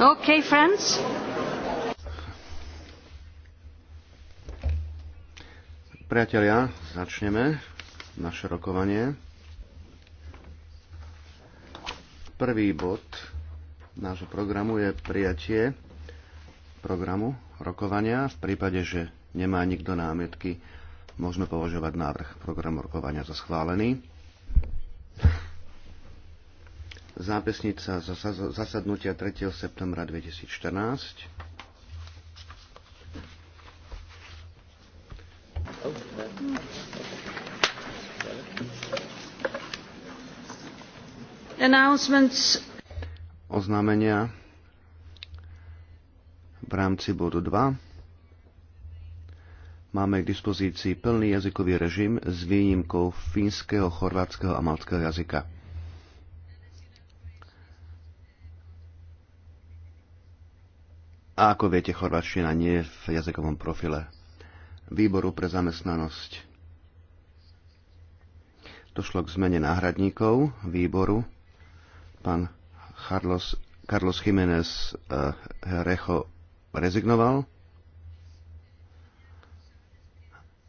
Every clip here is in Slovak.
Okay, friends. Priatelia, začneme naše rokovanie. Prvý bod nášho programu je prijatie programu rokovania. V prípade, že nemá nikto námietky, môžeme považovať návrh programu rokovania za schválený. Zápisnica zasadnutia 3. septembra 2014. Announcements. Oznámenia v rámci bodu 2 máme k dispozícii plný jazykový režim s výnimkou fínskeho, chorvátskeho a maltského jazyka. A ako viete, chorvačtina nie je v jazykovom profile výboru pre zamestnanosť. Došlo k zmene náhradníkov výboru. Pán Carlos, Carlos Jiménez uh, Recho rezignoval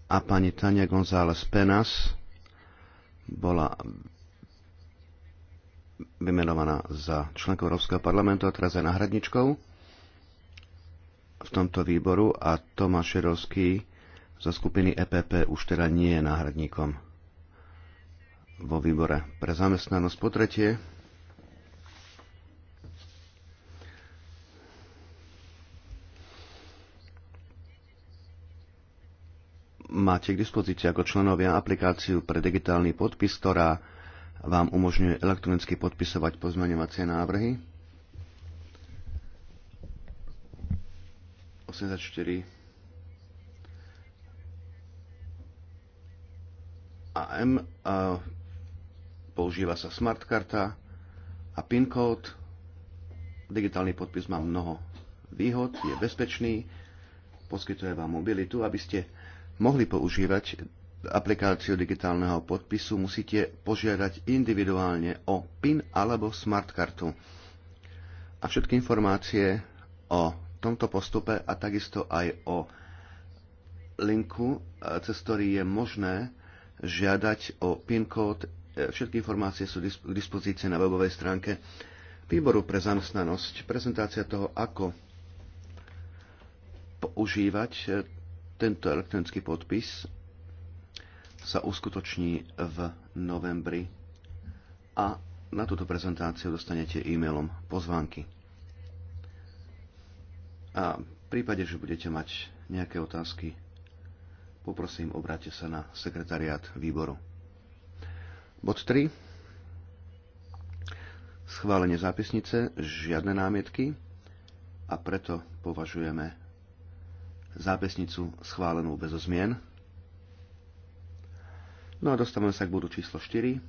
a pani Tania González Penas bola vymenovaná za členku Európskeho parlamentu a teraz je náhradničkou v tomto výboru a Tomáš Šerovský zo skupiny EPP už teda nie je náhradníkom vo výbore pre zamestnanosť. Po tretie, máte k dispozícii ako členovia aplikáciu pre digitálny podpis, ktorá vám umožňuje elektronicky podpisovať pozmeňovacie návrhy. 84 AM a používa sa smart karta a PIN kód. Digitálny podpis má mnoho výhod, je bezpečný, poskytuje vám mobilitu. Aby ste mohli používať aplikáciu digitálneho podpisu, musíte požiadať individuálne o PIN alebo smart kartu. A všetky informácie o tomto postupe a takisto aj o linku, e, cez ktorý je možné žiadať o PIN kód. E, všetky informácie sú k dispozícii na webovej stránke výboru pre zamestnanosť. Prezentácia toho, ako používať e, tento elektronický podpis, sa uskutoční v novembri a na túto prezentáciu dostanete e-mailom pozvánky. A v prípade, že budete mať nejaké otázky, poprosím, obráte sa na sekretariát výboru. Bod 3. Schválenie zápisnice, žiadne námietky a preto považujeme zápisnicu schválenú bez zmien. No a dostávame sa k bodu číslo 4.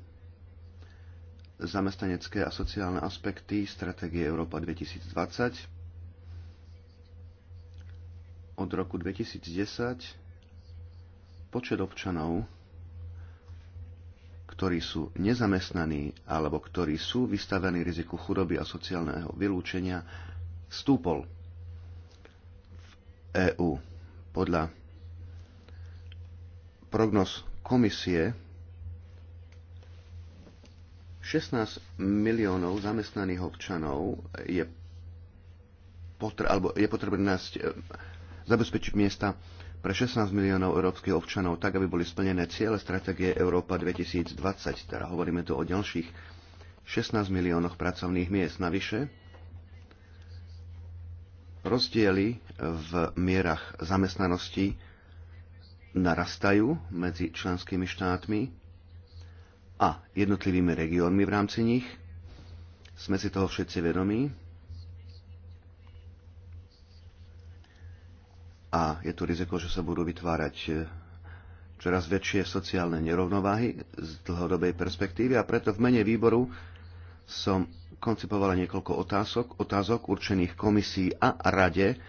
Zamestnanecké a sociálne aspekty stratégie Európa 2020 od roku 2010 počet občanov, ktorí sú nezamestnaní alebo ktorí sú vystavení riziku chudoby a sociálneho vylúčenia, stúpol v EÚ. Podľa prognoz komisie 16 miliónov zamestnaných občanov je, potre- alebo je potrebné nájsť zabezpečiť miesta pre 16 miliónov európskych občanov tak, aby boli splnené ciele stratégie Európa 2020. Teda hovoríme tu o ďalších 16 miliónoch pracovných miest. Navyše, rozdiely v mierach zamestnanosti narastajú medzi členskými štátmi a jednotlivými regiónmi v rámci nich. Sme si toho všetci vedomí a je tu riziko, že sa budú vytvárať e, čoraz väčšie sociálne nerovnováhy z dlhodobej perspektívy a preto v mene výboru som koncipovala niekoľko otázok, otázok určených komisií a rade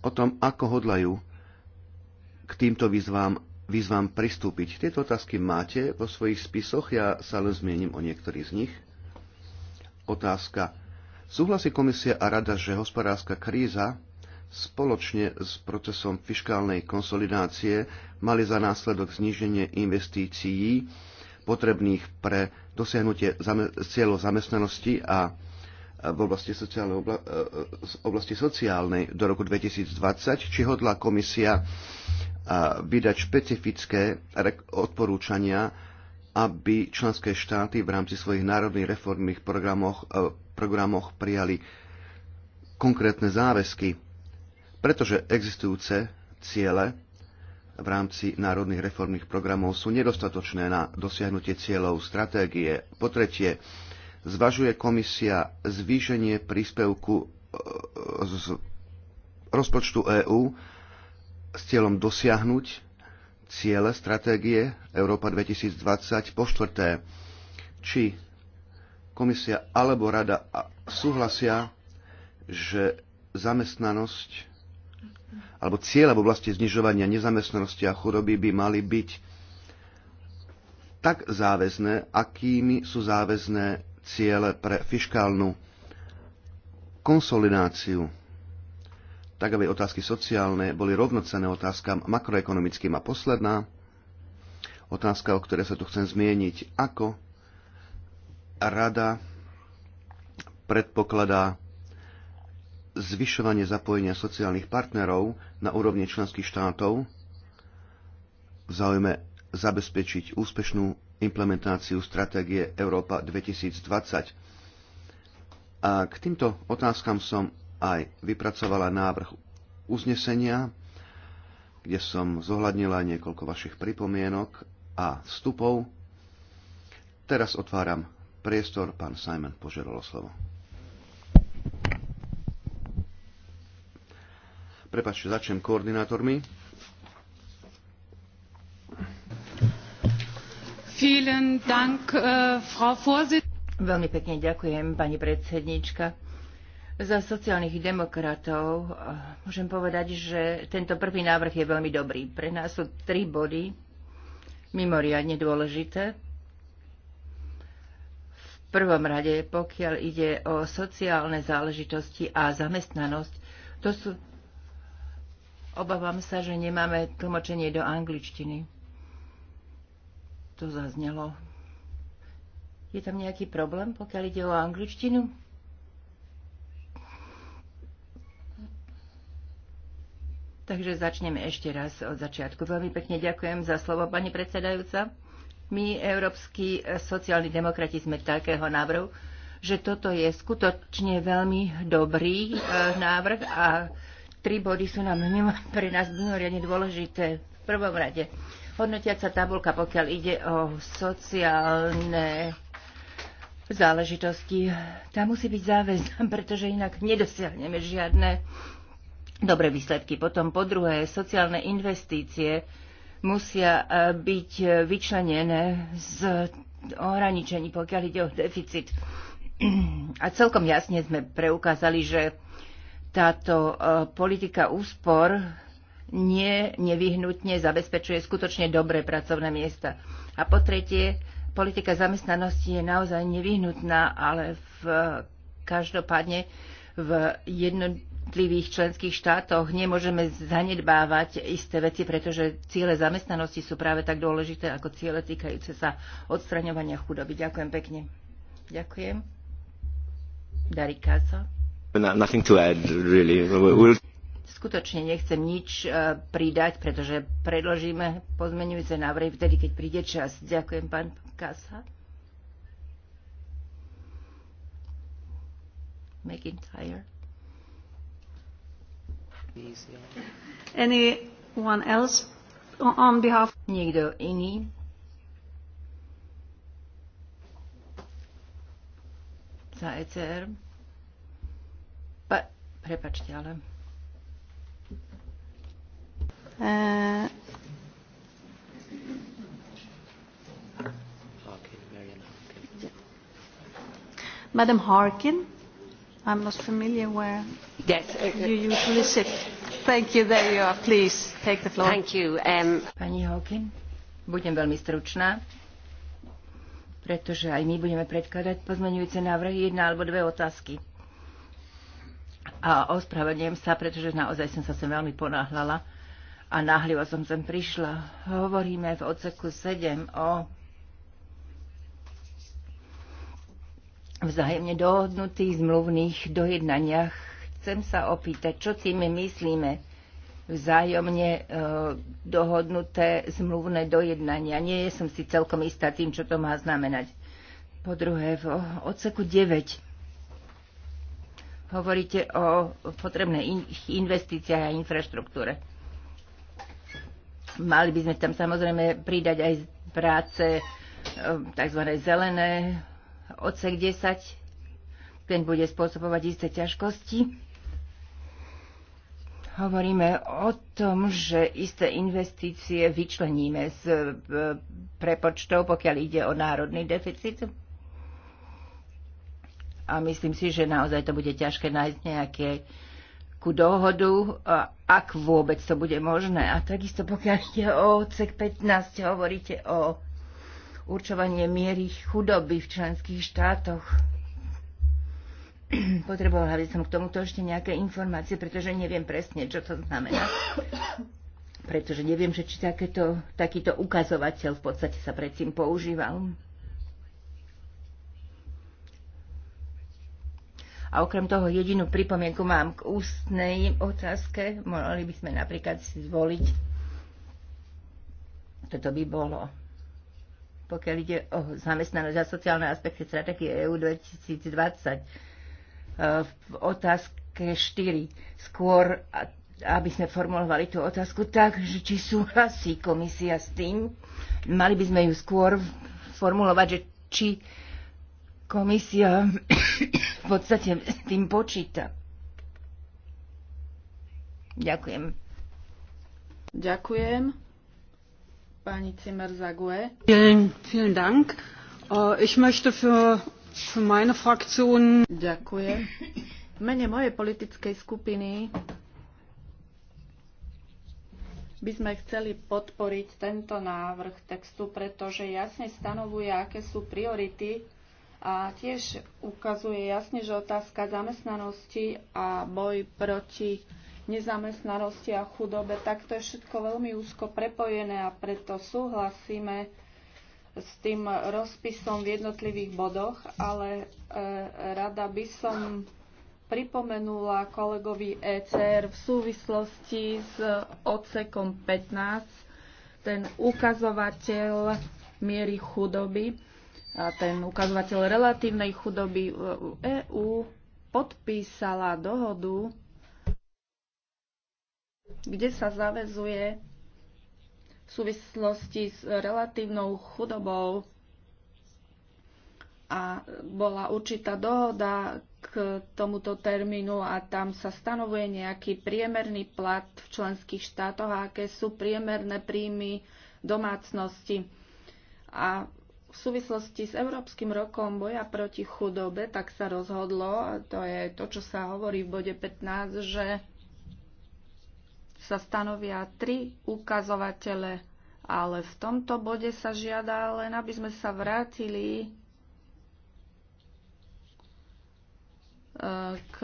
o tom, ako hodlajú k týmto výzvám, výzvám pristúpiť. Tieto otázky máte vo svojich spisoch, ja sa len zmienim o niektorých z nich. Otázka. Súhlasí komisia a rada, že hospodárska kríza spoločne s procesom fiškálnej konsolidácie mali za následok zníženie investícií potrebných pre dosiahnutie zame- cieľov zamestnanosti a v oblasti, sociálnej, e, e, oblasti sociálnej do roku 2020, či hodla komisia vydať špecifické odporúčania, aby členské štáty v rámci svojich národných reformných programoch, e, programoch prijali konkrétne záväzky pretože existujúce ciele v rámci národných reformných programov sú nedostatočné na dosiahnutie cieľov stratégie. Po tretie, zvažuje komisia zvýšenie príspevku e, z rozpočtu EÚ s cieľom dosiahnuť ciele stratégie Európa 2020 po štvrté, či komisia alebo rada súhlasia, že zamestnanosť alebo cieľa v oblasti znižovania nezamestnanosti a chudoby by mali byť tak záväzné, akými sú záväzné ciele pre fiškálnu konsolidáciu, tak aby otázky sociálne boli rovnocené otázkam makroekonomickým. A posledná otázka, o ktorej sa tu chcem zmieniť, ako rada predpokladá zvyšovanie zapojenia sociálnych partnerov na úrovni členských štátov v záujme zabezpečiť úspešnú implementáciu stratégie Európa 2020. A k týmto otázkam som aj vypracovala návrh uznesenia, kde som zohľadnila niekoľko vašich pripomienok a vstupov. Teraz otváram priestor. Pán Simon požiadal slovo. Prepačte, začnem koordinátormi. Vielen Dank, äh, Frau Vorsitz. Veľmi pekne ďakujem, pani predsednička. Za sociálnych demokratov äh, môžem povedať, že tento prvý návrh je veľmi dobrý. Pre nás sú tri body mimoriadne dôležité. V prvom rade, pokiaľ ide o sociálne záležitosti a zamestnanosť, to sú Obávam sa, že nemáme tlmočenie do angličtiny. To zaznelo. Je tam nejaký problém, pokiaľ ide o angličtinu? Takže začneme ešte raz od začiatku. Veľmi pekne ďakujem za slovo, pani predsedajúca. My, európsky sociálni demokrati, sme takého návrhu, že toto je skutočne veľmi dobrý e, návrh a tri body sú nám mimo, pre nás mimoriadne dôležité. V prvom rade hodnotiaca tabulka, pokiaľ ide o sociálne záležitosti, tá musí byť záväzná, pretože inak nedosiahneme žiadne dobré výsledky. Potom po druhé, sociálne investície musia e, byť e, vyčlenené z ohraničení, pokiaľ ide o deficit. A celkom jasne sme preukázali, že táto e, politika úspor nie nevyhnutne zabezpečuje skutočne dobré pracovné miesta. A po tretie, politika zamestnanosti je naozaj nevyhnutná, ale v, každopádne v jednotlivých členských štátoch nemôžeme zanedbávať isté veci, pretože ciele zamestnanosti sú práve tak dôležité ako ciele týkajúce sa odstraňovania chudoby. Ďakujem pekne. Ďakujem. Darikasa. Skutočne nechcem nič eh, pridať, pretože predložíme pozmeňujúce návrhy vtedy, keď príde čas. Ďakujem, pán Kasa. McIntyre. Anyone else on behalf? Nikto iný. Za ECR. Pa, prepačte, ale... Uh... Madam Harkin, I'm not familiar where yes, okay. Uh, uh, you usually sit. Thank you, there you are. Please take the floor. Thank you. Um... Pani Harkin, budem veľmi stručná pretože aj my budeme predkladať pozmeňujúce návrhy, jedna alebo dve otázky a ospravedlňujem sa, pretože naozaj som sa sem veľmi ponáhľala a náhlivo som sem prišla. Hovoríme v odseku 7 o vzájemne dohodnutých zmluvných dojednaniach. Chcem sa opýtať, čo si my myslíme vzájomne e, dohodnuté zmluvné dojednania. Nie som si celkom istá tým, čo to má znamenať. Po druhé, v odseku 9 hovoríte o potrebných investíciách a infraštruktúre. Mali by sme tam samozrejme pridať aj práce e, tzv. zelené, odsek 10, ten bude spôsobovať isté ťažkosti. Hovoríme o tom, že isté investície vyčleníme z e, prepočtov, pokiaľ ide o národný deficit, a myslím si, že naozaj to bude ťažké nájsť nejaké ku dohodu, ak vôbec to bude možné. A takisto pokiaľ ide o odsek 15, hovoríte o určovanie miery chudoby v členských štátoch. Potrebovala by som k tomuto ešte nejaké informácie, pretože neviem presne, čo to znamená. Pretože neviem, že či takéto, takýto ukazovateľ v podstate sa predtým používal. A okrem toho jedinú pripomienku mám k ústnej otázke. Mohli by sme napríklad si zvoliť. Toto by bolo. Pokiaľ ide o zamestnanosť a sociálne aspekty stratégie EU 2020, e, v otázke 4 skôr, aby sme formulovali tú otázku tak, že či súhlasí komisia s tým, mali by sme ju skôr formulovať, že či Komisia v podstate s tým počíta. Ďakujem. Ďakujem. Pani Zimmer Zague. Vielen, vielen Dank. Äh, ich möchte für, für meine Fraktion. Ďakujem. V mene mojej politickej skupiny by sme chceli podporiť tento návrh textu, pretože jasne stanovuje, aké sú priority a tiež ukazuje jasne, že otázka zamestnanosti a boj proti nezamestnanosti a chudobe, tak to je všetko veľmi úzko prepojené a preto súhlasíme s tým rozpisom v jednotlivých bodoch, ale e, rada by som pripomenula kolegovi ECR v súvislosti s odsekom 15, ten ukazovateľ miery chudoby a ten ukazovateľ relatívnej chudoby EÚ podpísala dohodu, kde sa zavezuje v súvislosti s relatívnou chudobou a bola určitá dohoda k tomuto termínu a tam sa stanovuje nejaký priemerný plat v členských štátoch a aké sú priemerné príjmy domácnosti. A v súvislosti s Európskym rokom boja proti chudobe, tak sa rozhodlo, a to je to, čo sa hovorí v bode 15, že sa stanovia tri ukazovatele, ale v tomto bode sa žiada len, aby sme sa vrátili e, k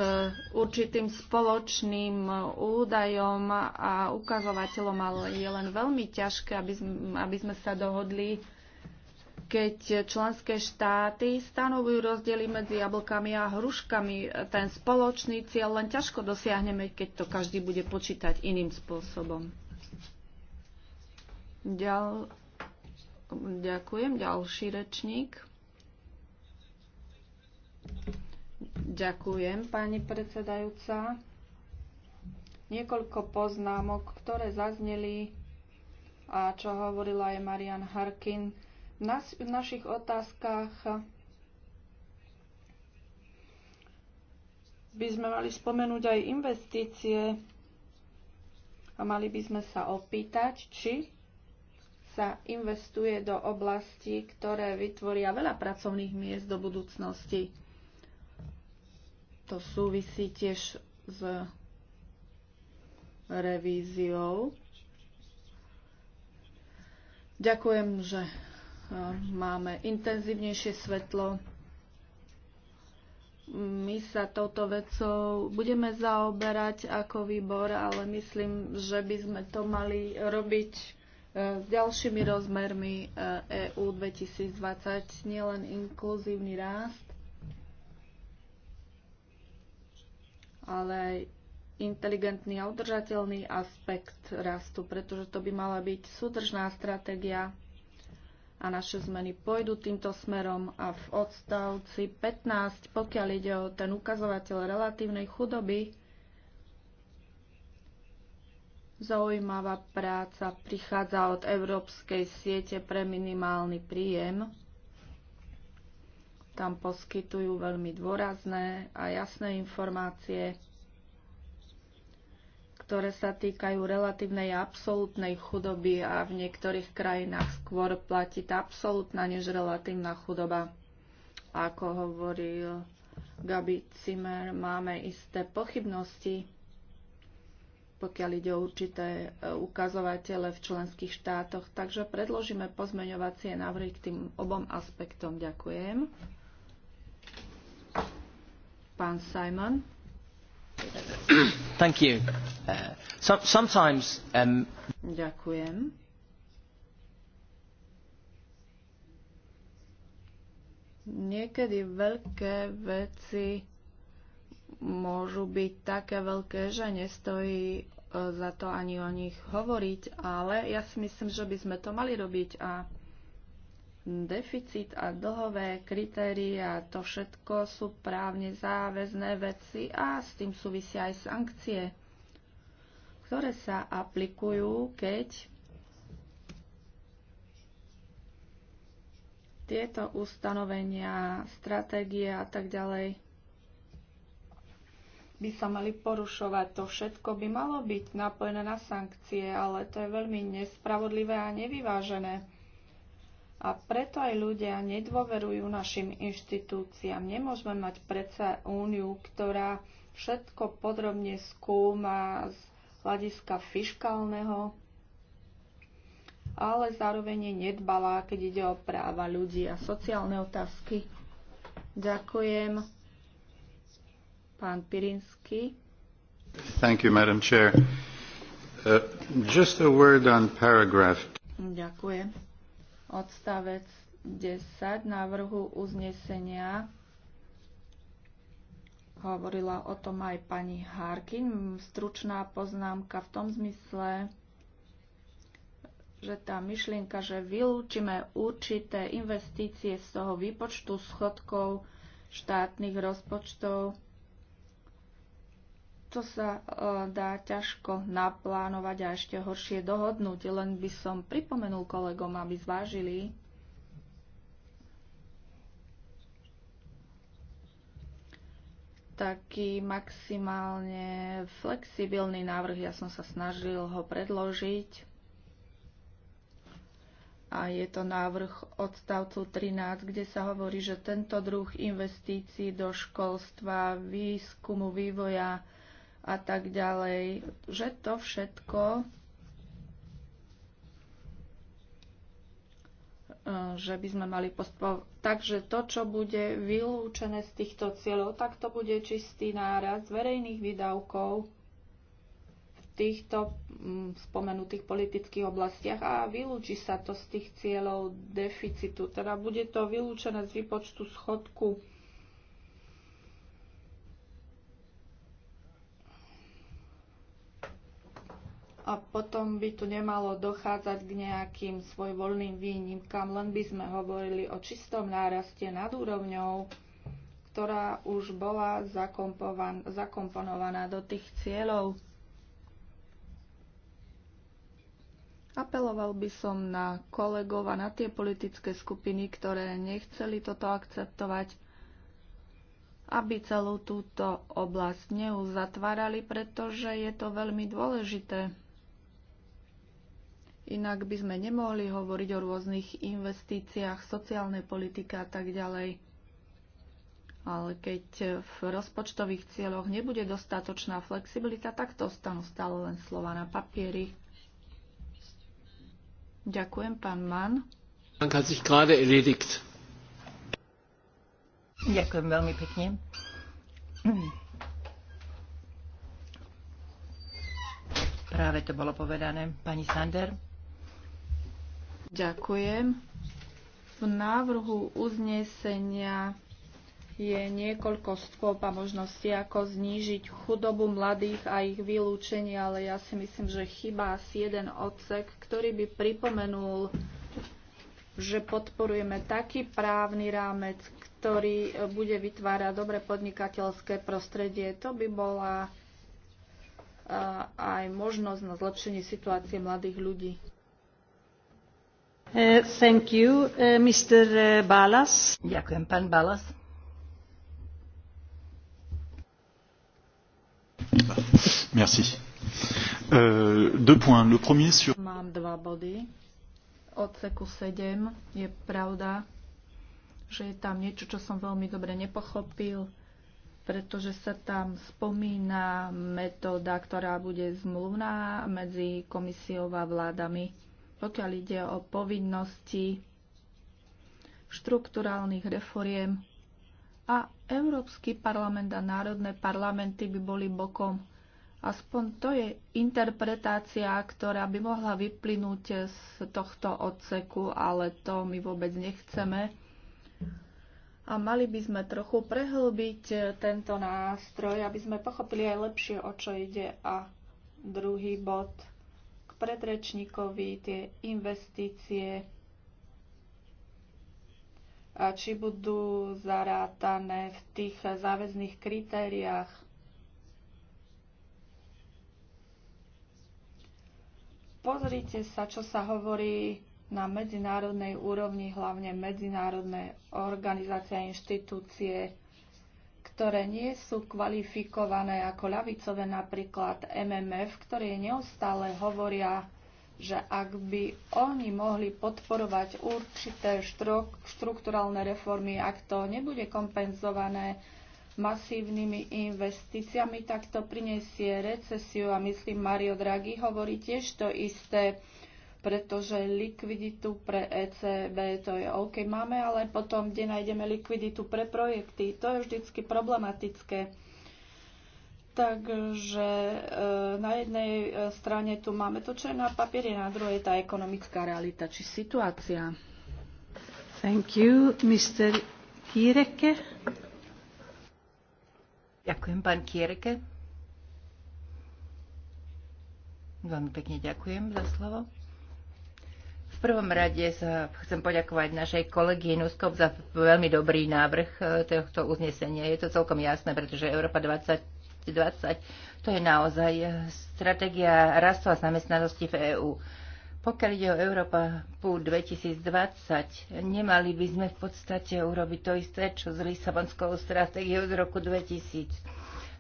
určitým spoločným údajom a ukazovateľom, ale je len veľmi ťažké, aby sme, aby sme sa dohodli keď členské štáty stanovujú rozdiely medzi jablkami a hruškami. Ten spoločný cieľ len ťažko dosiahneme, keď to každý bude počítať iným spôsobom. Ďal... Ďakujem. Ďalší rečník. Ďakujem, pani predsedajúca. Niekoľko poznámok, ktoré zazneli a čo hovorila aj Marian Harkin nas, v našich otázkach by sme mali spomenúť aj investície a mali by sme sa opýtať, či sa investuje do oblasti, ktoré vytvoria veľa pracovných miest do budúcnosti. To súvisí tiež s revíziou. Ďakujem, že máme intenzívnejšie svetlo. My sa touto vecou budeme zaoberať ako výbor, ale myslím, že by sme to mali robiť e, s ďalšími rozmermi EU e 2020, nielen inkluzívny rást, ale aj inteligentný a udržateľný aspekt rastu, pretože to by mala byť súdržná stratégia a naše zmeny pôjdu týmto smerom a v odstavci 15, pokiaľ ide o ten ukazovateľ relatívnej chudoby, zaujímavá práca prichádza od Európskej siete pre minimálny príjem. Tam poskytujú veľmi dôrazné a jasné informácie ktoré sa týkajú relatívnej a absolútnej chudoby a v niektorých krajinách skôr platí tá absolútna než relatívna chudoba. Ako hovoril Gabi Cimer, máme isté pochybnosti, pokiaľ ide o určité e, ukazovatele v členských štátoch. Takže predložíme pozmeňovacie návrhy k tým obom aspektom. Ďakujem. Pán Simon. Thank you. Uh, so, sometimes, um... Ďakujem. Niekedy veľké veci môžu byť také veľké, že nestojí uh, za to ani o nich hovoriť, ale ja si myslím, že by sme to mali robiť a deficit a dlhové kritéria, to všetko sú právne záväzné veci a s tým súvisia aj sankcie, ktoré sa aplikujú, keď tieto ustanovenia, stratégie a tak ďalej by sa mali porušovať. To všetko by malo byť napojené na sankcie, ale to je veľmi nespravodlivé a nevyvážené a preto aj ľudia nedôverujú našim inštitúciám. Nemôžeme mať predsa úniu, ktorá všetko podrobne skúma z hľadiska fiškálneho, ale zároveň je nedbalá, keď ide o práva ľudí a sociálne otázky. Ďakujem. Pán Pirinsky. Thank you, Madam Chair. Uh, just a word on paragraph. Ďakujem odstavec 10 návrhu uznesenia hovorila o tom aj pani Harkin. Stručná poznámka v tom zmysle, že tá myšlienka, že vylúčime určité investície z toho výpočtu schodkov štátnych rozpočtov, to sa e, dá ťažko naplánovať a ešte horšie dohodnúť. Len by som pripomenul kolegom, aby zvážili, taký maximálne flexibilný návrh. Ja som sa snažil ho predložiť. A je to návrh odstavcu 13, kde sa hovorí, že tento druh investícií do školstva, výskumu, vývoja, a tak ďalej, že to všetko e, že by sme mali postupovať. Takže to, čo bude vylúčené z týchto cieľov, tak to bude čistý náraz verejných výdavkov v týchto mm, spomenutých politických oblastiach a vylúči sa to z tých cieľov deficitu. Teda bude to vylúčené z výpočtu schodku a potom by tu nemalo dochádzať k nejakým svojvoľným výnimkám, len by sme hovorili o čistom náraste nad úrovňou, ktorá už bola zakomponovaná do tých cieľov. Apeloval by som na kolegov a na tie politické skupiny, ktoré nechceli toto akceptovať, aby celú túto oblasť neuzatvárali, pretože je to veľmi dôležité. Inak by sme nemohli hovoriť o rôznych investíciách, sociálnej politike a tak ďalej. Ale keď v rozpočtových cieľoch nebude dostatočná flexibilita, tak to stanú stále len slova na papieri. Ďakujem, pán Mann. Ďakujem veľmi pekne. Práve to bolo povedané. Pani Sander. Ďakujem. V návrhu uznesenia je niekoľko stôp a možností, ako znížiť chudobu mladých a ich vylúčenie, ale ja si myslím, že chýba asi jeden odsek, ktorý by pripomenul, že podporujeme taký právny rámec, ktorý bude vytvárať dobre podnikateľské prostredie. To by bola aj možnosť na zlepšenie situácie mladých ľudí. Uh, thank you, uh, Mr. Uh, Balas. Ďakujem, pán Balas. Merci. Euh, deux points. Le premier sur... Mám dva body. Odseku 7 je pravda, že je tam niečo, čo som veľmi dobre nepochopil, pretože sa tam spomína metóda, ktorá bude zmluvná medzi komisiou a vládami pokiaľ ide o povinnosti štrukturálnych reforiem a Európsky parlament a národné parlamenty by boli bokom. Aspoň to je interpretácia, ktorá by mohla vyplynúť z tohto odseku, ale to my vôbec nechceme. A mali by sme trochu prehlbiť tento nástroj, aby sme pochopili aj lepšie, o čo ide. A druhý bod – predrečníkovi tie investície, či budú zarátané v tých záväzných kritériách. Pozrite sa, čo sa hovorí na medzinárodnej úrovni, hlavne medzinárodné organizácie a inštitúcie ktoré nie sú kvalifikované ako ľavicové, napríklad MMF, ktoré neustále hovoria, že ak by oni mohli podporovať určité štrukturálne reformy, ak to nebude kompenzované masívnymi investíciami, tak to prinesie recesiu a myslím, Mario Draghi hovorí tiež to isté pretože likviditu pre ECB to je OK, máme, ale potom, kde nájdeme likviditu pre projekty, to je vždycky problematické. Takže e, na jednej e, strane tu máme to, čo je na papieri, na druhej tá ekonomická realita či situácia. Thank you, Mr. Kiereke. Ďakujem, pán Kiereke. Veľmi pekne ďakujem za slovo prvom rade sa chcem poďakovať našej kolegy Nuskop za veľmi dobrý návrh e, tohto uznesenia. Je to celkom jasné, pretože Európa 2020 to je naozaj e, stratégia rastu a zamestnanosti v EÚ. Pokiaľ ide o Európa 2020, nemali by sme v podstate urobiť to isté, čo s Lisabonskou stratégiou z roku 2000.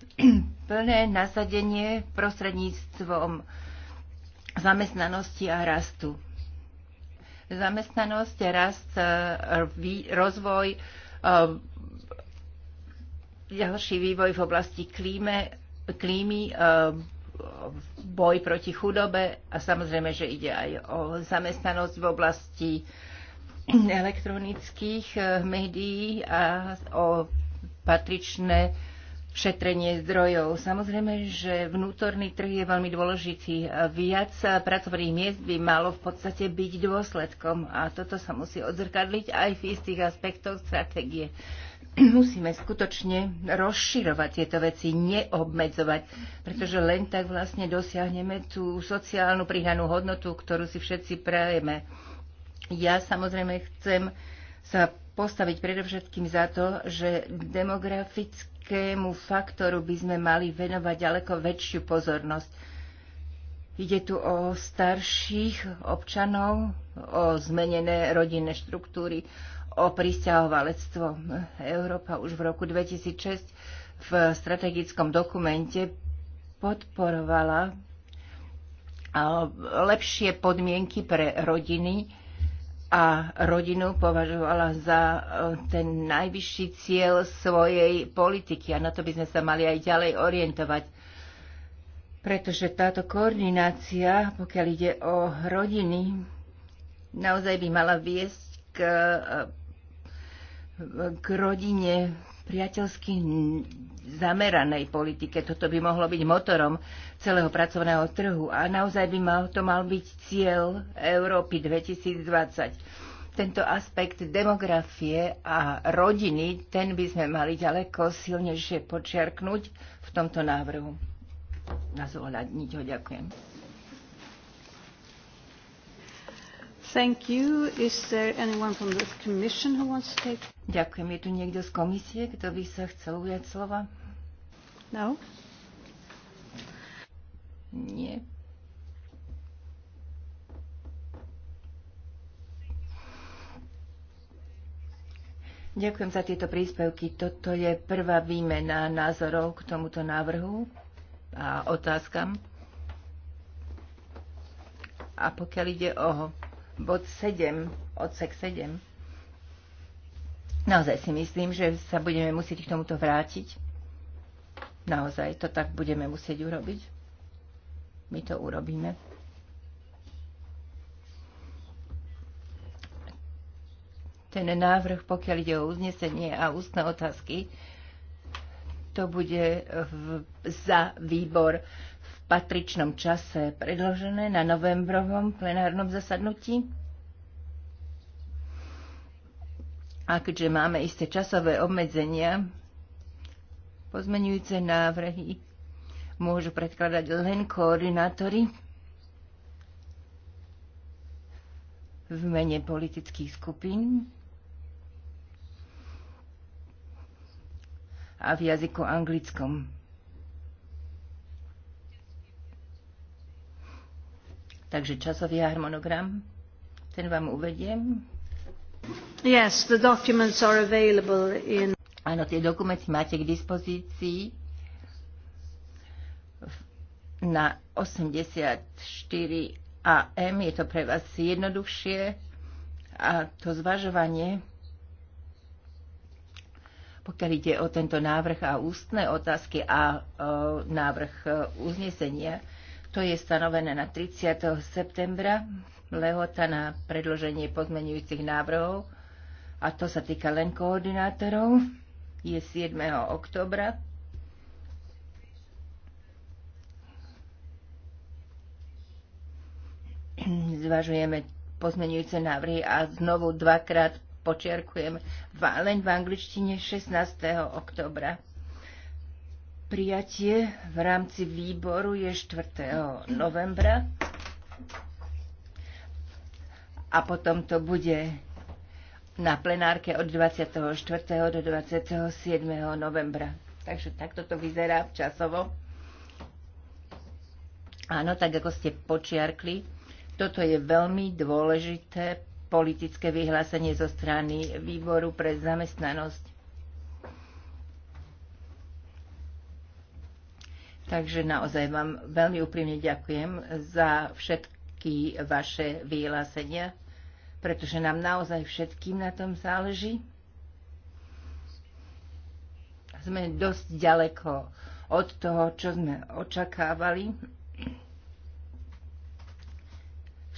Plné nasadenie prostredníctvom zamestnanosti a rastu zamestnanosť, rast, e, rozvoj, e, ďalší vývoj v oblasti klíme, klímy, e, boj proti chudobe a samozrejme, že ide aj o zamestnanosť v oblasti elektronických médií a o patričné šetrenie zdrojov. Samozrejme, že vnútorný trh je veľmi dôležitý. Viac pracovných miest by malo v podstate byť dôsledkom a toto sa musí odzrkadliť aj v istých aspektoch stratégie. Musíme skutočne rozširovať tieto veci, neobmedzovať, pretože len tak vlastne dosiahneme tú sociálnu prihanú hodnotu, ktorú si všetci prajeme. Ja samozrejme chcem sa postaviť predovšetkým za to, že demografické akému faktoru by sme mali venovať ďaleko väčšiu pozornosť. Ide tu o starších občanov, o zmenené rodinné štruktúry, o pristahovalectvo. Európa už v roku 2006 v strategickom dokumente podporovala lepšie podmienky pre rodiny a rodinu považovala za e, ten najvyšší cieľ svojej politiky a na to by sme sa mali aj ďalej orientovať. Pretože táto koordinácia, pokiaľ ide o rodiny, naozaj by mala viesť k, e, k rodine priateľských zameranej politike. Toto by mohlo byť motorom celého pracovného trhu a naozaj by mal, to mal byť cieľ Európy 2020 tento aspekt demografie a rodiny, ten by sme mali ďaleko silnejšie počiarknúť v tomto návrhu. Na zohľadniť ho ďakujem. Thank you. Is there anyone from the commission who wants to take... Ďakujem. Je tu niekto z komisie, kto by sa chcel ujať slova? No. Nie. Ďakujem za tieto príspevky. Toto je prvá výmena názorov k tomuto návrhu a otázkam. A pokiaľ ide o bod 7, odsek 7. Naozaj si myslím, že sa budeme musieť k tomuto vrátiť. Naozaj to tak budeme musieť urobiť. My to urobíme. Ten návrh, pokiaľ ide o uznesenie a ústne otázky, to bude v, za výbor patričnom čase predložené na novembrovom plenárnom zasadnutí. A keďže máme isté časové obmedzenia, pozmenujúce návrhy môžu predkladať len koordinátori v mene politických skupín a v jazyku anglickom. Takže časový harmonogram, ten vám uvediem. Yes, the documents are available in... Áno, tie dokumenty máte k dispozícii na 84 AM. Je to pre vás jednoduchšie a to zvažovanie, pokiaľ ide o tento návrh a ústne otázky a o, e, návrh e, uznesenia, to je stanovené na 30. septembra, lehota na predloženie pozmenujúcich návrhov, a to sa týka len koordinátorov, je 7. oktobra. Zvažujeme pozmenujúce návrhy a znovu dvakrát počiarkujem len v angličtine 16. oktobra. Prijatie v rámci výboru je 4. novembra a potom to bude na plenárke od 24. do 27. novembra. Takže takto to vyzerá časovo. Áno, tak ako ste počiarkli, toto je veľmi dôležité politické vyhlásenie zo strany výboru pre zamestnanosť. Takže naozaj vám veľmi úprimne ďakujem za všetky vaše vyhlásenia, pretože nám naozaj všetkým na tom záleží. Sme dosť ďaleko od toho, čo sme očakávali,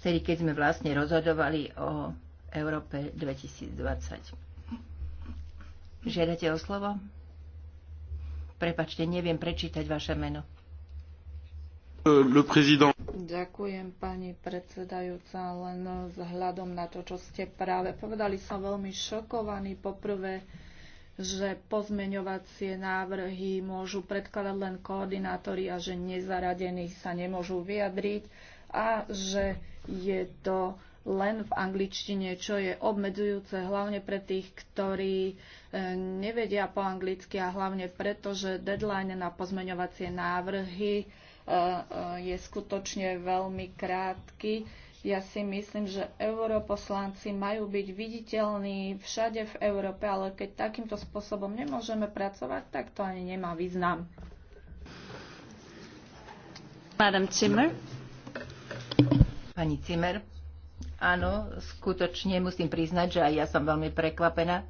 vtedy, keď sme vlastne rozhodovali o Európe 2020. Žiadate o slovo? Prepačte, neviem prečítať vaše meno. Ďakujem, pani predsedajúca, len vzhľadom na to, čo ste práve povedali, som veľmi šokovaný poprvé, že pozmeňovacie návrhy môžu predkladať len koordinátori a že nezaradení sa nemôžu vyjadriť a že je to len v angličtine, čo je obmedzujúce hlavne pre tých, ktorí e, nevedia po anglicky a hlavne preto, že deadline na pozmeňovacie návrhy e, e, je skutočne veľmi krátky. Ja si myslím, že europoslanci majú byť viditeľní všade v Európe, ale keď takýmto spôsobom nemôžeme pracovať, tak to ani nemá význam. Madam Zimmer. Pani Zimmer. Áno, skutočne musím priznať, že aj ja som veľmi prekvapená.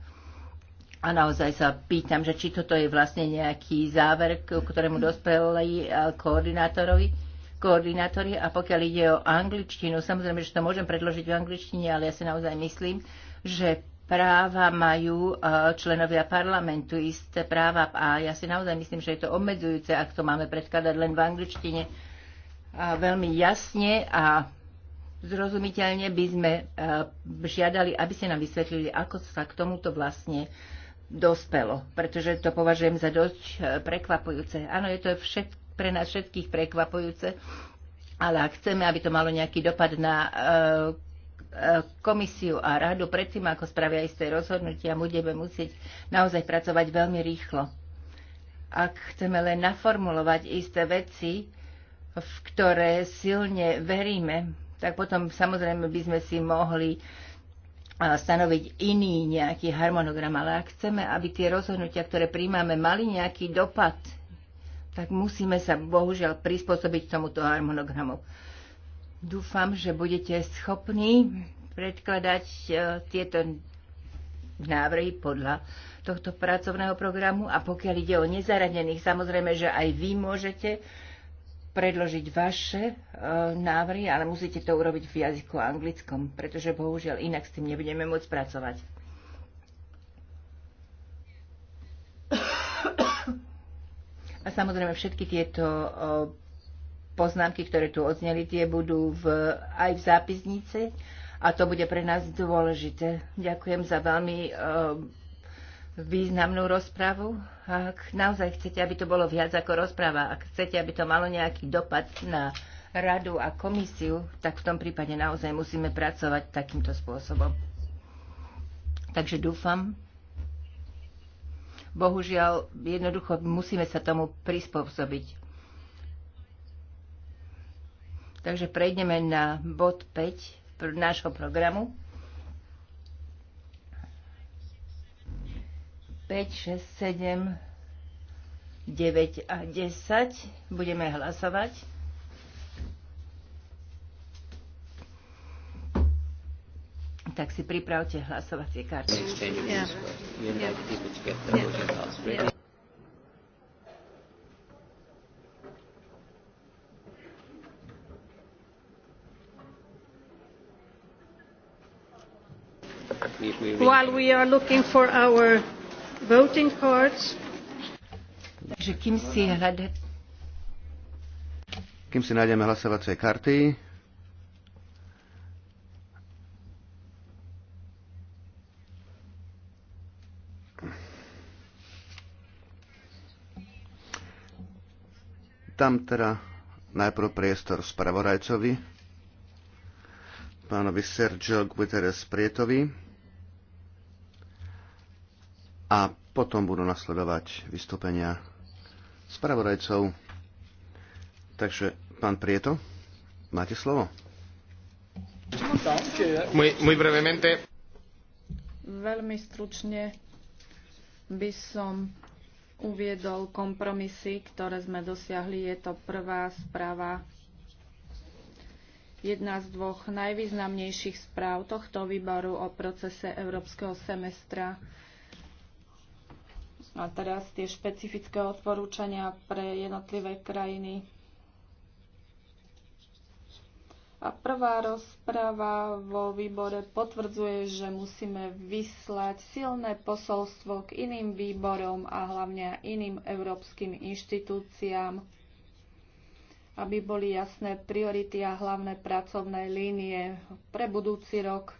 A naozaj sa pýtam, že či toto je vlastne nejaký záver, k ktorému dospeli eh, koordinátorovi, koordinátori. A pokiaľ ide o angličtinu, samozrejme, že to môžem predložiť v angličtine, ale ja si naozaj myslím, že práva majú eh, členovia parlamentu, isté práva. A ja si naozaj myslím, že je to obmedzujúce, ak to máme predkladať len v angličtine. A veľmi jasne a Zrozumiteľne by sme e, žiadali, aby ste nám vysvetlili, ako sa k tomuto vlastne dospelo, pretože to považujem za dosť e, prekvapujúce. Áno, je to všet, pre nás všetkých prekvapujúce, ale ak chceme, aby to malo nejaký dopad na e, komisiu a radu predtým, ako spravia isté rozhodnutia, budeme musieť naozaj pracovať veľmi rýchlo. Ak chceme len naformulovať isté veci, v ktoré silne veríme, tak potom samozrejme by sme si mohli stanoviť iný nejaký harmonogram, ale ak chceme, aby tie rozhodnutia, ktoré príjmame, mali nejaký dopad, tak musíme sa bohužiaľ prispôsobiť tomuto harmonogramu. Dúfam, že budete schopní predkladať e, tieto návrhy podľa tohto pracovného programu a pokiaľ ide o nezaradených, samozrejme, že aj vy môžete predložiť vaše e, návrhy, ale musíte to urobiť v jazyku anglickom, pretože bohužiaľ inak s tým nebudeme môcť pracovať. A samozrejme všetky tieto e, poznámky, ktoré tu odzneli, tie budú v, aj v zápisnici a to bude pre nás dôležité. Ďakujem za veľmi e, významnú rozpravu. Ak naozaj chcete, aby to bolo viac ako rozpráva, ak chcete, aby to malo nejaký dopad na radu a komisiu, tak v tom prípade naozaj musíme pracovať takýmto spôsobom. Takže dúfam. Bohužiaľ, jednoducho musíme sa tomu prispôsobiť. Takže prejdeme na bod 5 nášho programu. 5, 6, 7, 9 a 10. Budeme hlasovať. Tak si pripravte hlasovacie karty. While we are looking for our voting cards. Takže kým si hľadá... Kým si nájdeme hlasovacie karty, Tam teda najprv priestor spravorajcovi, pánovi Sergio Guterres Prietovi a potom budú nasledovať vystúpenia spravodajcov. Takže, pán Prieto, máte slovo. Muy, muy brevemente. Veľmi stručne by som uviedol kompromisy, ktoré sme dosiahli. Je to prvá správa, jedna z dvoch najvýznamnejších správ tohto výboru o procese európskeho semestra a teraz tie špecifické odporúčania pre jednotlivé krajiny. A prvá rozpráva vo výbore potvrdzuje, že musíme vyslať silné posolstvo k iným výborom a hlavne iným európskym inštitúciám, aby boli jasné priority a hlavné pracovné línie pre budúci rok.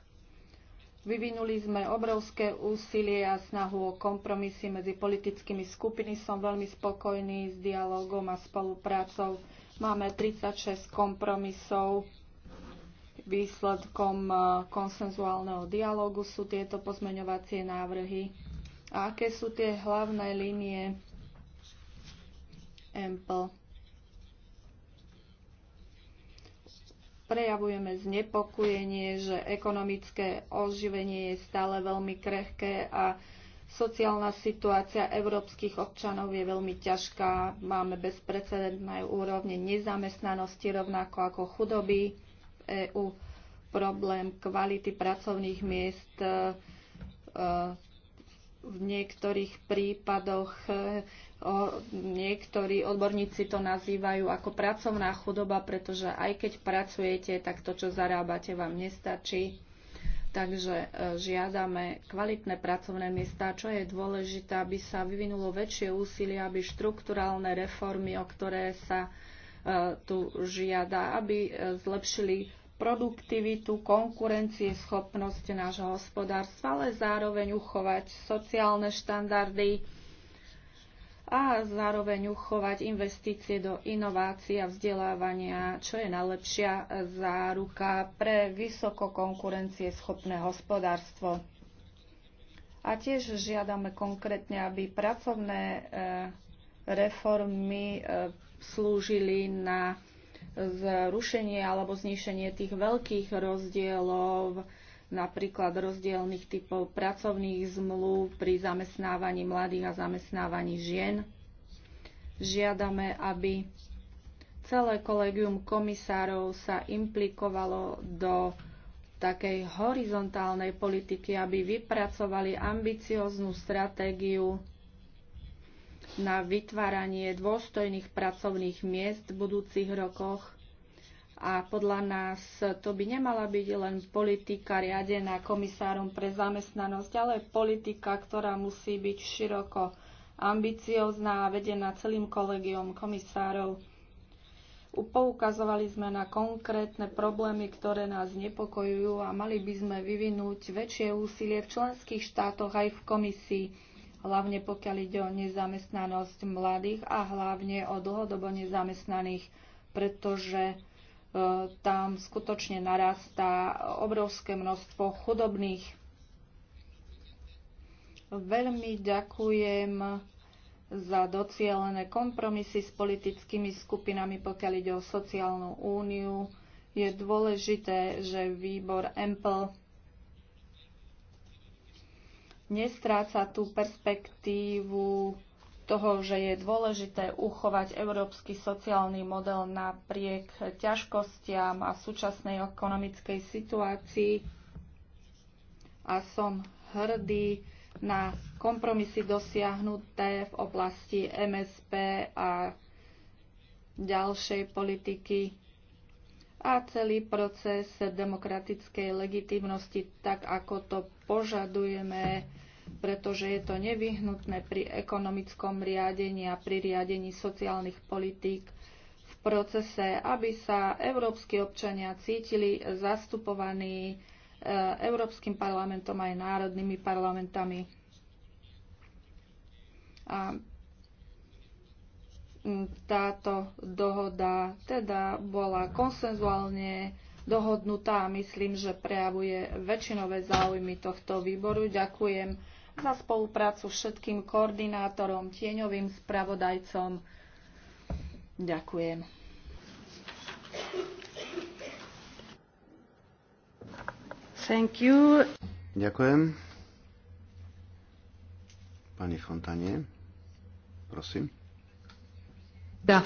Vyvinuli sme obrovské úsilie a snahu o kompromisy medzi politickými skupiny. Som veľmi spokojný s dialogom a spoluprácou. Máme 36 kompromisov. Výsledkom e, konsenzuálneho dialogu sú tieto pozmeňovacie návrhy. A aké sú tie hlavné línie EMPL? prejavujeme znepokojenie, že ekonomické oživenie je stále veľmi krehké a sociálna situácia európskych občanov je veľmi ťažká. Máme bezprecedentné úrovne nezamestnanosti, rovnako ako chudoby v EÚ, problém kvality pracovných miest, e, v niektorých prípadoch e, o, niektorí odborníci to nazývajú ako pracovná chudoba, pretože aj keď pracujete, tak to, čo zarábate, vám nestačí. Takže e, žiadame kvalitné pracovné miesta, čo je dôležité, aby sa vyvinulo väčšie úsilie, aby štrukturálne reformy, o ktoré sa e, tu žiada, aby zlepšili produktivitu, konkurencie, schopnosť nášho hospodárstva, ale zároveň uchovať sociálne štandardy a zároveň uchovať investície do inovácií a vzdelávania, čo je najlepšia záruka pre vysoko konkurencieschopné hospodárstvo. A tiež žiadame konkrétne, aby pracovné eh, reformy eh, slúžili na zrušenie alebo znišenie tých veľkých rozdielov, napríklad rozdielných typov pracovných zmluv pri zamestnávaní mladých a zamestnávaní žien. Žiadame, aby celé kolegium komisárov sa implikovalo do takej horizontálnej politiky, aby vypracovali ambicioznú stratégiu na vytváranie dôstojných pracovných miest v budúcich rokoch. A podľa nás to by nemala byť len politika riadená komisárom pre zamestnanosť, ale politika, ktorá musí byť široko ambiciozná a vedená celým kolegiom komisárov. Upoukazovali sme na konkrétne problémy, ktoré nás nepokojujú a mali by sme vyvinúť väčšie úsilie v členských štátoch aj v komisii hlavne pokiaľ ide o nezamestnanosť mladých a hlavne o dlhodobo nezamestnaných, pretože e, tam skutočne narastá obrovské množstvo chudobných. Veľmi ďakujem za docielené kompromisy s politickými skupinami, pokiaľ ide o sociálnu úniu. Je dôležité, že výbor EMPL nestráca tú perspektívu toho, že je dôležité uchovať európsky sociálny model napriek ťažkostiam a súčasnej ekonomickej situácii. A som hrdý na kompromisy dosiahnuté v oblasti MSP a ďalšej politiky a celý proces demokratickej legitimnosti, tak ako to požadujeme pretože je to nevyhnutné pri ekonomickom riadení a pri riadení sociálnych politík v procese, aby sa európsky občania cítili zastupovaní e, Európskym parlamentom aj národnými parlamentami. A táto dohoda teda bola konsenzuálne dohodnutá a myslím, že prejavuje väčšinové záujmy tohto výboru. Ďakujem za spoluprácu všetkým koordinátorom, tieňovým spravodajcom. Ďakujem. Thank you. Ďakujem. Pani Fontanie, prosím. Da,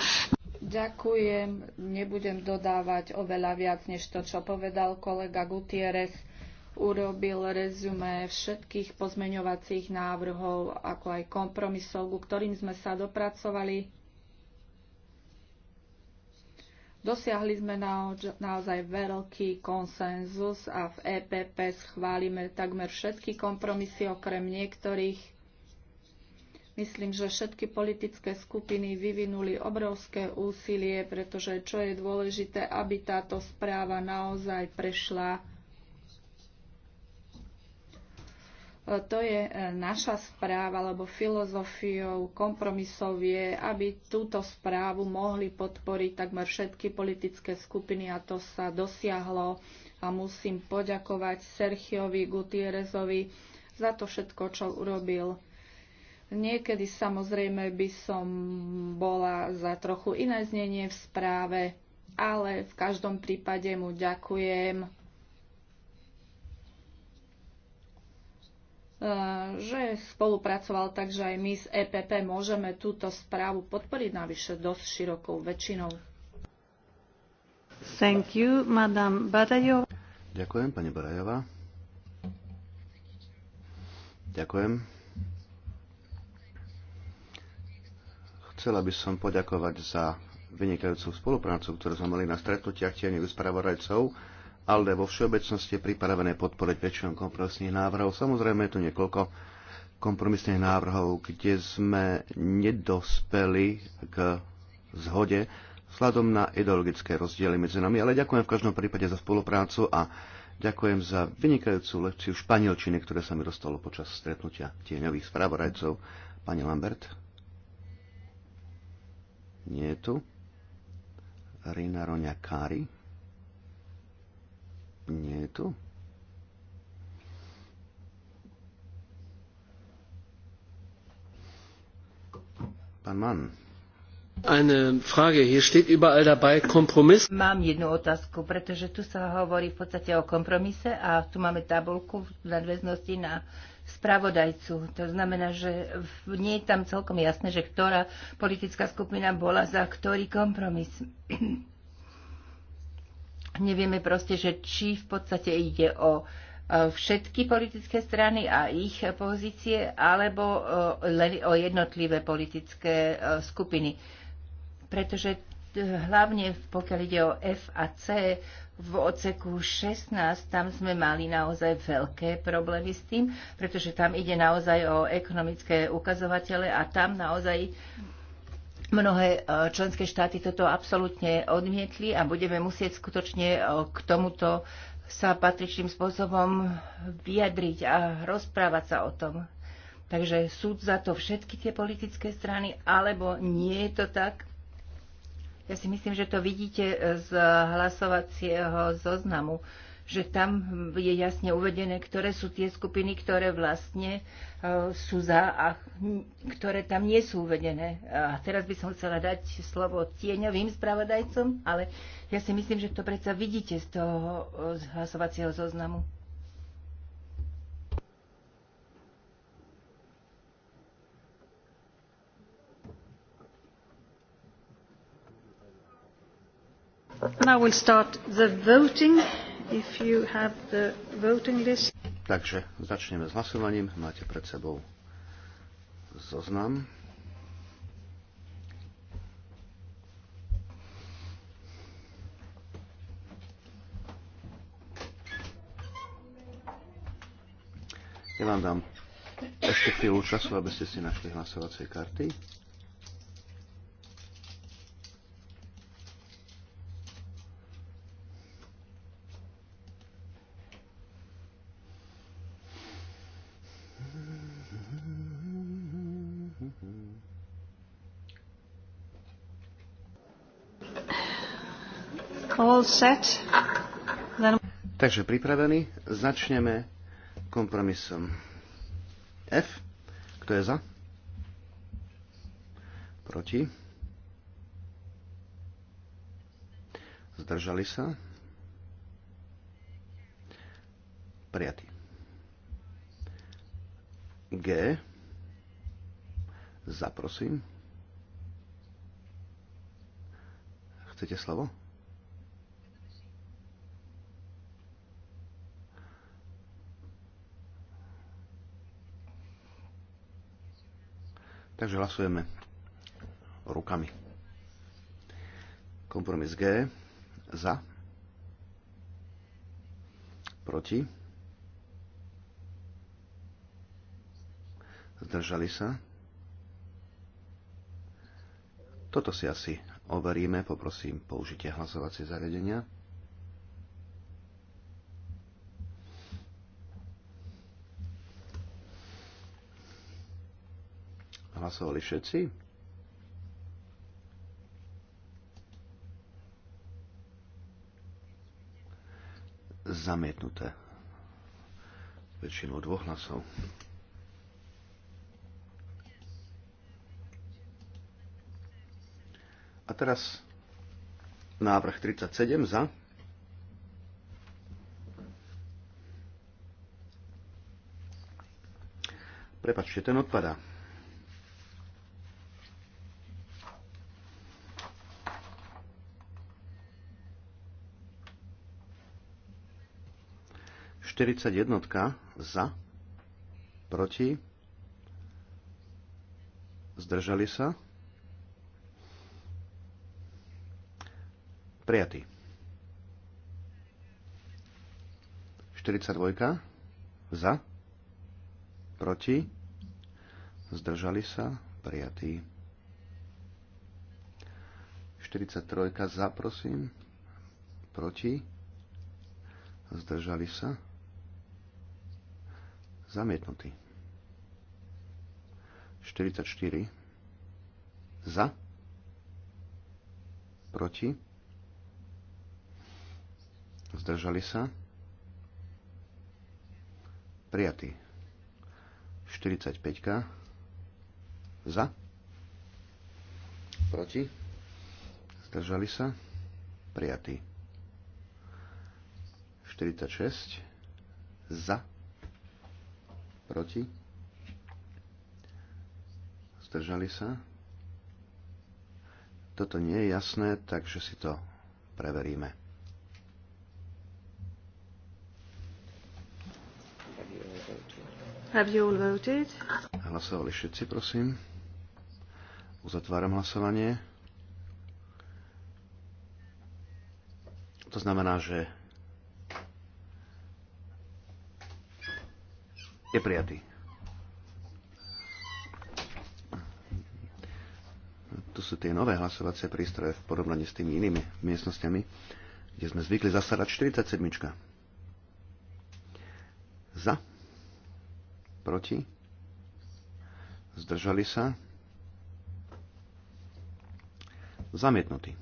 Ďakujem. Nebudem dodávať oveľa viac, než to, čo povedal kolega Gutierrez. Urobil rezume všetkých pozmeňovacích návrhov, ako aj kompromisov, ku ktorým sme sa dopracovali. Dosiahli sme naozaj veľký konsenzus a v EPP schválime takmer všetky kompromisy, okrem niektorých Myslím, že všetky politické skupiny vyvinuli obrovské úsilie, pretože čo je dôležité, aby táto správa naozaj prešla. E, to je e, naša správa, lebo filozofiou kompromisov je, aby túto správu mohli podporiť takmer všetky politické skupiny a to sa dosiahlo a musím poďakovať Sergiovi Gutierezovi za to všetko, čo urobil. Niekedy samozrejme by som bola za trochu iné znenie v správe, ale v každom prípade mu ďakujem, e, že spolupracoval, takže aj my z EPP môžeme túto správu podporiť navyše dosť širokou väčšinou. Thank you, Ďakujem, pani Barajová. Ďakujem. Chcela by som poďakovať za vynikajúcu spoluprácu, ktorú sme mali na stretnutiach tieňových spravodajcov, ale vo všeobecnosti je pripravené podporiť väčšinu kompromisných návrhov. Samozrejme je tu niekoľko kompromisných návrhov, kde sme nedospeli k zhode vzhľadom na ideologické rozdiely medzi nami, ale ďakujem v každom prípade za spoluprácu a ďakujem za vynikajúcu lekciu španielčiny, ktoré sa mi dostalo počas stretnutia tieňových spravodajcov. Pani Lambert. Nie je tu. Rina Roňa Kari. Nie je tu. Pán Mann. Eine Frage, hier steht überall dabei Kompromiss. Mám jednu otázku, pretože tu sa hovorí v podstate o kompromise a tu máme tabulku v nadväznosti na spravodajcu. To znamená, že nie je tam celkom jasné, že ktorá politická skupina bola za ktorý kompromis. Nevieme proste, že či v podstate ide o e, všetky politické strany a ich pozície, alebo e, len o jednotlivé politické e, skupiny. Pretože hlavne pokiaľ ide o F a C, v oceku 16 tam sme mali naozaj veľké problémy s tým, pretože tam ide naozaj o ekonomické ukazovatele a tam naozaj mnohé e, členské štáty toto absolútne odmietli a budeme musieť skutočne e, k tomuto sa patričným spôsobom vyjadriť a rozprávať sa o tom. Takže súd za to všetky tie politické strany, alebo nie je to tak? Ja si myslím, že to vidíte eh, z hlasovacieho zoznamu, že tam je jasne uvedené, ktoré sú tie skupiny, ktoré vlastne eh, sú za a ktoré tam nie sú uvedené. A teraz by som chcela dať slovo tieňovým spravodajcom, ale ja si myslím, že to predsa vidíte z toho eh, z hlasovacieho zoznamu. Now we'll start the voting. If you have the voting list. Takže začneme s hlasovaním. Máte pred sebou zoznam. Ja vám dám ešte chvíľu času, aby ste si našli hlasovacie karty. set, then... Takže pripravení, začneme kompromisom. F, kto je za? Proti? Zdržali sa? Prijatý. G, zaprosím. Chcete slovo? Takže hlasujeme rukami. Kompromis G za, proti, zdržali sa. Toto si asi overíme, poprosím použitie hlasovacie zariadenia. Hlasovali všetci? Zamietnuté. Väčšinou dvoch hlasov. A teraz návrh 37 za. Prepačte, ten odpadá. 41 za, proti, zdržali sa, prijatý. 42 za, proti, zdržali sa, prijatý. 43 za, prosím, proti, zdržali sa, Zamietnutý. 44. Za. Proti. Zdržali sa. Prijatý. 45. Za. Proti. Zdržali sa. Prijatý. 46. Za Proti? Zdržali sa? Toto nie je jasné, takže si to preveríme. Have you all voted? Hlasovali všetci, prosím. Uzatváram hlasovanie. To znamená, že je prijatý. Tu sú tie nové hlasovacie prístroje v porovnaní s tými inými miestnosťami, kde sme zvykli zasadať 47. Za. Proti. Zdržali sa. Zamietnutý.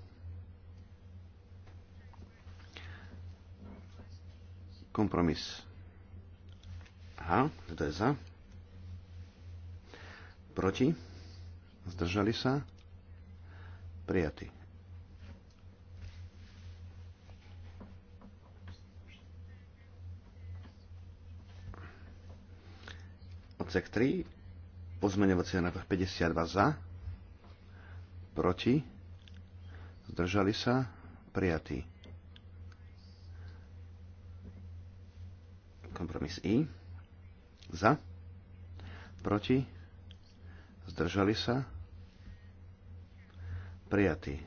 Kompromis H, kto je za? Proti? Zdržali sa? Prijatý. Odsek 3, Pozmeňovacie na 52 za, proti, zdržali sa, prijatý. Kompromis I. Za? Proti? Zdržali sa? Prijatý.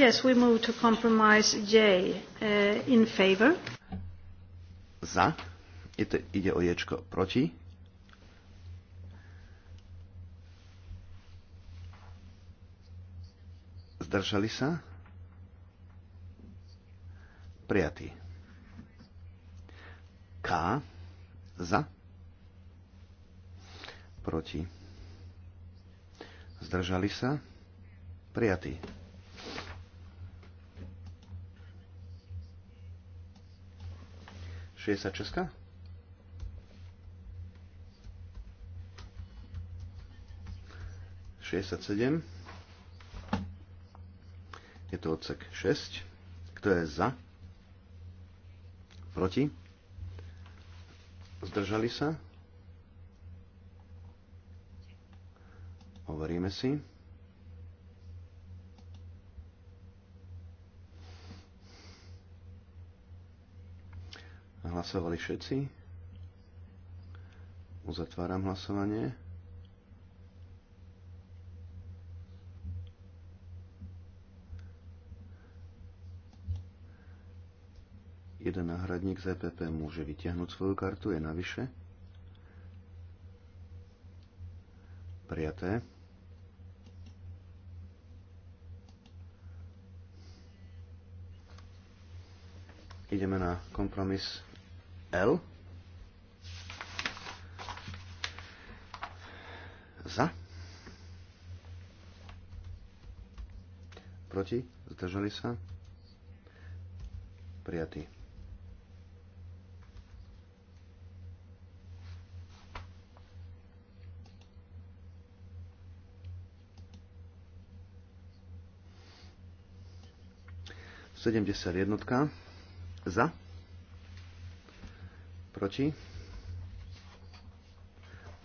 Yes, we move to compromise J uh, in favor. Za. Ide, ide o ječko proti. Zdržali sa? Prijatý. K. Za. Proti. Zdržali sa? Prijatý. Šiesa šestka? Šiesa sedem. Je to odsek 6. Kto je za? Proti? Zdržali sa? Overíme si. Hlasovali všetci? Uzatváram hlasovanie. náhradník ZPP e môže vytiahnuť svoju kartu, je navyše. Prijaté. Ideme na kompromis L. Za. Proti? Zdržali sa? Prijatý. 71 za, proti,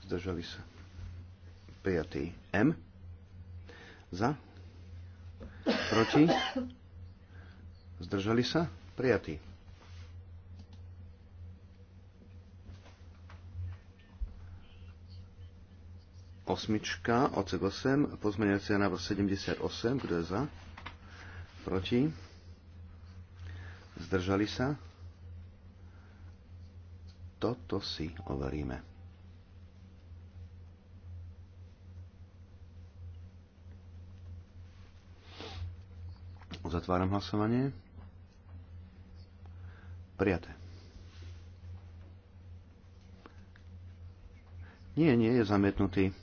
zdržali sa. Prijatý M za, proti, zdržali sa, prijatý. Osmička, ocek 8, pozmeňujúci návrh 78, kto je za? Proti? Zdržali sa? Toto si overíme. Uzatváram hlasovanie. Prijaté. Nie, nie, je zamietnutý.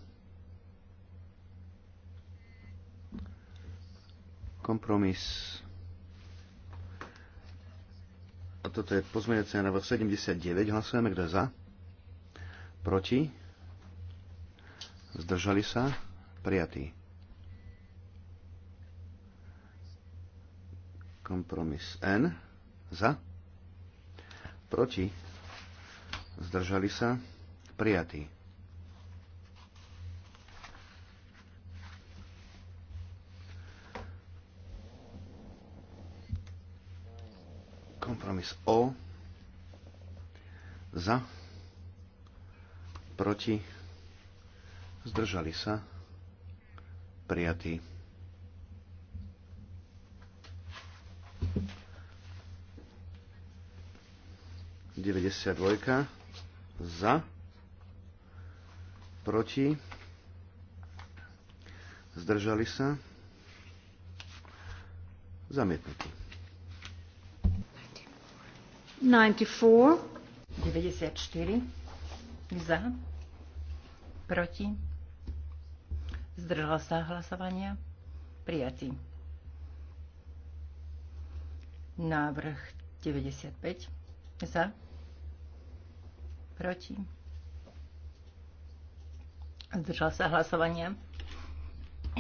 Kompromis toto je pozmeňujúci návrh 79. Hlasujeme, kto je za. Proti. Zdržali sa. Prijatý. Kompromis N. Za. Proti. Zdržali sa. Prijatý. Kompromis O. Za. Proti. Zdržali sa. Prijatý. Deväťdesiat dvojka. Za. Proti. Zdržali sa. Zamietnutý. 94. 94. Za. Proti. zdržala sa hlasovania. Prijatý. Návrh 95. Za. Proti. Zdržal sa hlasovania.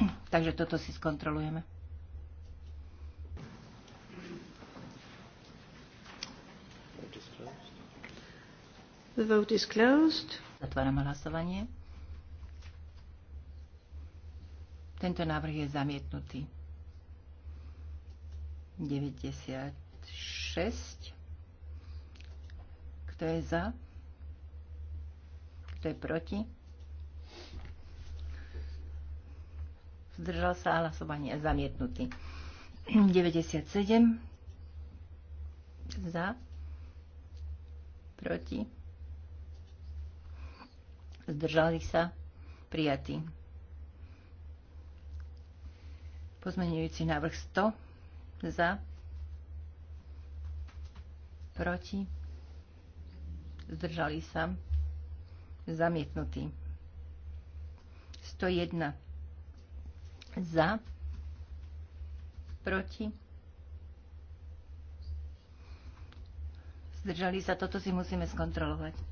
Takže toto si skontrolujeme. The vote is closed. Zatváram hlasovanie. Tento návrh je zamietnutý. 96. Kto je za? Kto je proti? Zdržal sa hlasovanie zamietnutý. 97. Za? Proti? zdržali sa, prijatí. Pozmenujúci návrh 100 za, proti, zdržali sa, zamietnutý. 101 za, proti, zdržali sa, toto si musíme skontrolovať.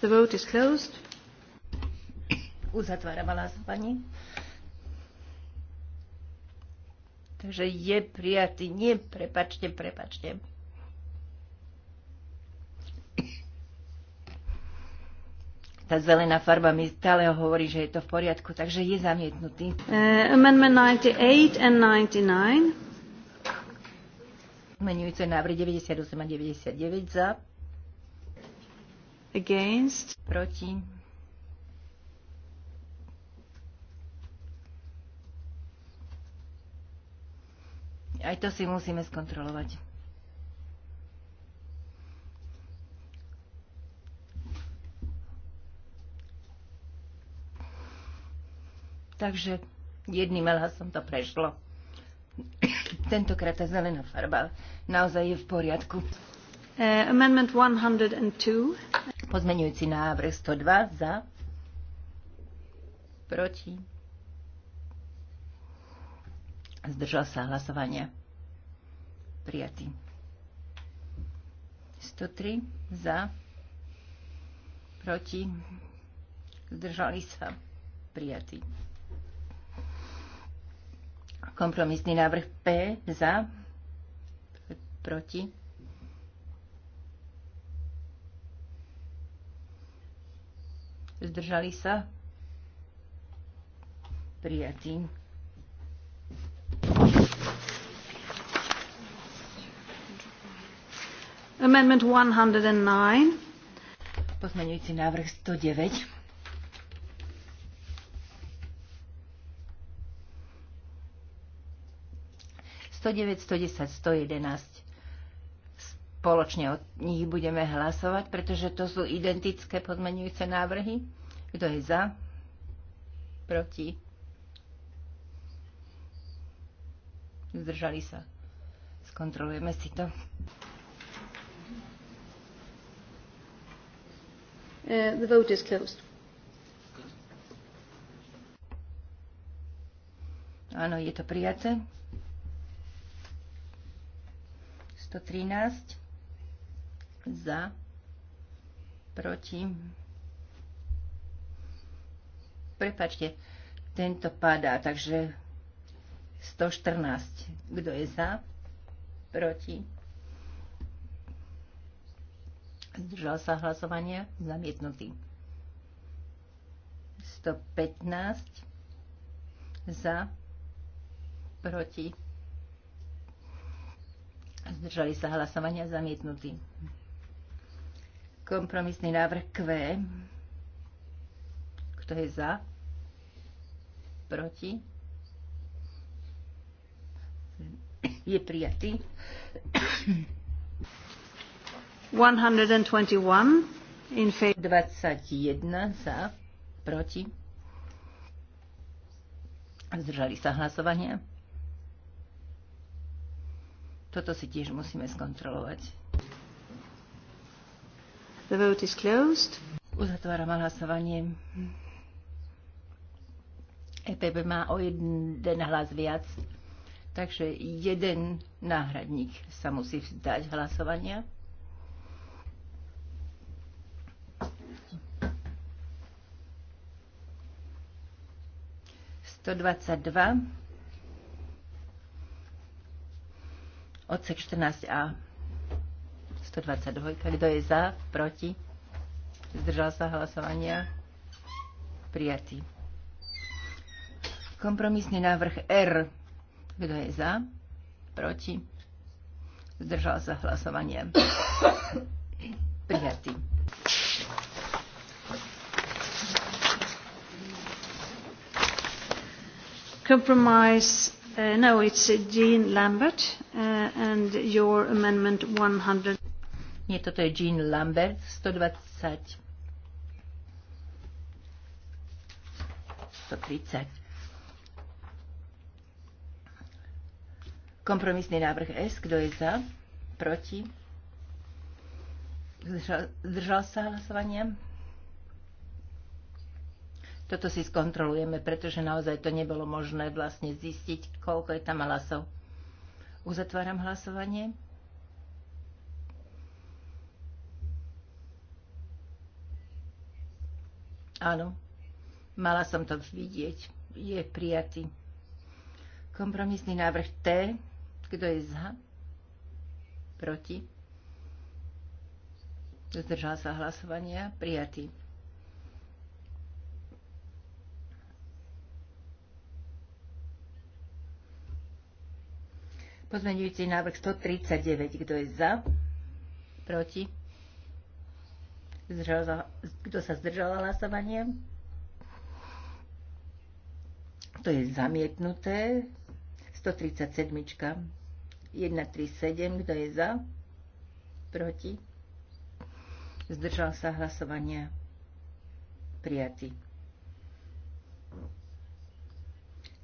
The vote is closed. Uzatváram hlasovanie. Takže je prijatý. Nie, prepačte, prepačte. Tá zelená farba mi stále hovorí, že je to v poriadku, takže je zamietnutý. Uh, amendment 98 and 99. Menujúce návrhy 98 a 99 za Against. Proti. Aj to si musíme skontrolovať. Takže jedným hlasom to prešlo. Tentokrát tá zelená farba naozaj je v poriadku. Uh, amendment 102. Pozmenujúci návrh 102 za, proti, zdržal sa hlasovania. Prijatý. 103 za, proti, zdržali sa. Prijatý. Kompromisný návrh P za, proti, zdržali sa, prijatí. Amendment 109. Pozmeňujúci návrh 109. Sto deväť, sto desať, sto jedenásť spoločne od nich budeme hlasovať, pretože to sú identické podmenujúce návrhy. Kto je za? Proti? Zdržali sa. Skontrolujeme si to. Uh, the vote is closed. Áno, je to prijaté. 113 za, proti. Prepačte, tento padá, takže 114. Kto je za, proti? Zdržal sa hlasovania Zamietnutý. 115 za, proti. Zdržali sa hlasovania zamietnutí. Kompromisný návrh Q. Kto je za? Proti? Je prijatý. 121 21 za, proti. Zdržali sa hlasovania. Toto si tiež musíme skontrolovať. The vote is closed. Uzatváram hlasovanie. EPP má o jeden hlas viac, takže jeden náhradník sa musí vzdať hlasovania. Sto dva odsek 14a. 122. Kto je za? Proti? Zdržal sa hlasovania? Prijatý. Kompromisný návrh R. Kto je za? Proti? Zdržal sa hlasovania? Prijatý. Compromise Uh, no, it's uh, Jean Lambert uh, and your amendment 100. Nie, toto je Jean Lambert, 120. 130. Kompromisný návrh S, kto je za? Proti? Zdržal sa hlasovania? Toto si skontrolujeme, pretože naozaj to nebolo možné vlastne zistiť, koľko je tam hlasov. Uzatváram hlasovanie. Áno, mala som to vidieť. Je prijatý. Kompromisný návrh T. Kto je za? Proti? Zdržal sa hlasovania. Prijatý. Pozmeňujúci návrh 139. Kto je za? Proti? Zdržal kto sa zdržal hlasovanie? To je zamietnuté. 137. 137. Kto je za? Proti? Zdržal sa hlasovanie? Prijatý.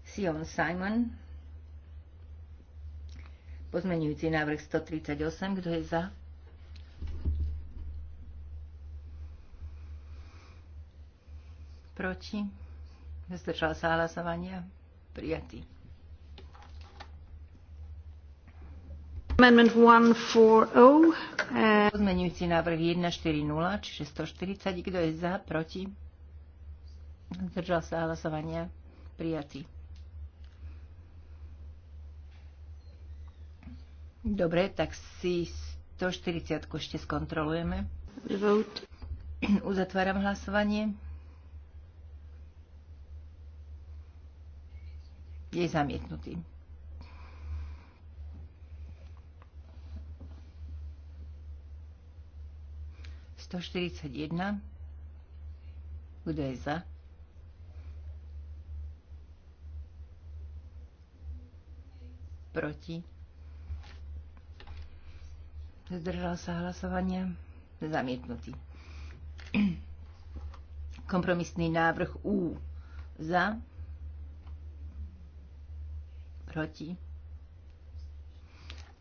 Sion Simon. Pozmenujúci návrh 138. Kto je za? Proti? Zdržal sa hlasovania? Prijatý. Amendment 140. Eh. Pozmenujúci návrh 140, čiže 140. Kto je za? Proti? Zdržal sa hlasovania? Prijatý. Dobre, tak si 140 ešte skontrolujeme. Vote. Uzatváram hlasovanie. je zamietnutý. Sto štyridsať jedna. Kto je za? Proti? Zdržal sa hlasovania? Zamietnutý. Kompromisný návrh U za. Proti?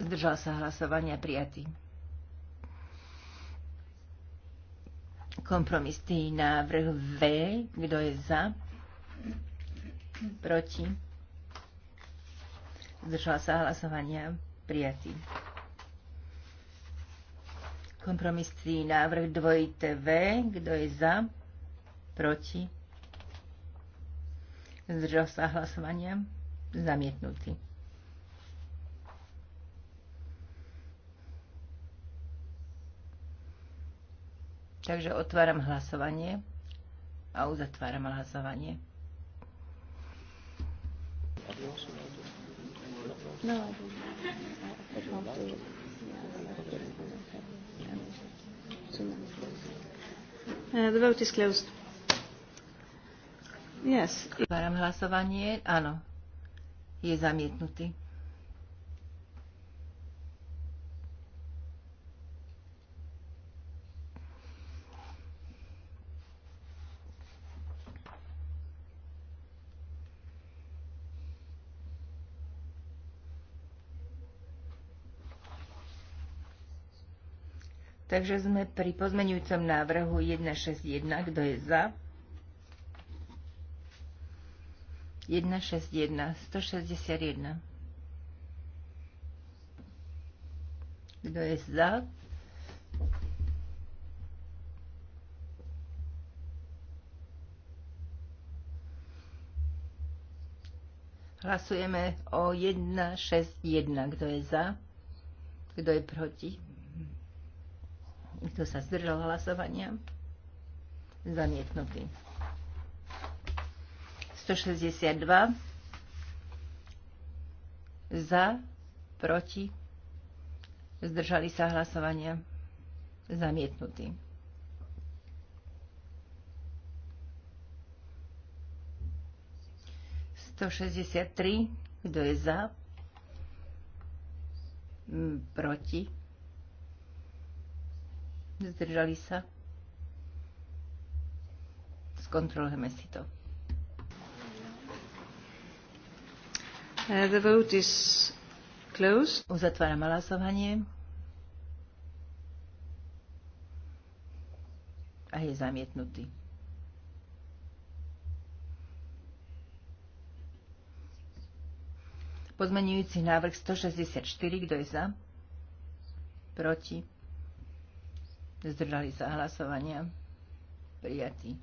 Zdržal sa hlasovania prijatý. Kompromisný návrh V. Kto je za? Proti? Zdržal sa hlasovania prijatý. Kompromisný návrh dvojité V. Kto je za? Proti? Zdržal sa hlasovania zamietnutý. Takže otváram hlasovanie a uzatváram hlasovanie. No, The vote Yes. Otváram hlasovanie. Áno, je zamietnutý. Takže sme pri pozmeňujúcom návrhu 161, kto je za, 161, 161. Kto je za? Hlasujeme o 161. Kto je za? Kto je proti? Kto sa zdržal hlasovania? Zamietnutý. 162 za, proti, zdržali sa hlasovania, zamietnutý. Sto šesťdesiat tri, kto je za, mm, proti, zdržali sa, skontrolujeme si to. Uh, the vote is closed. Uzatváram hlasovanie. A je zamietnutý. Pozmenujúci návrh 164, kto je za? Proti? Zdržali sa hlasovania. Prijatý.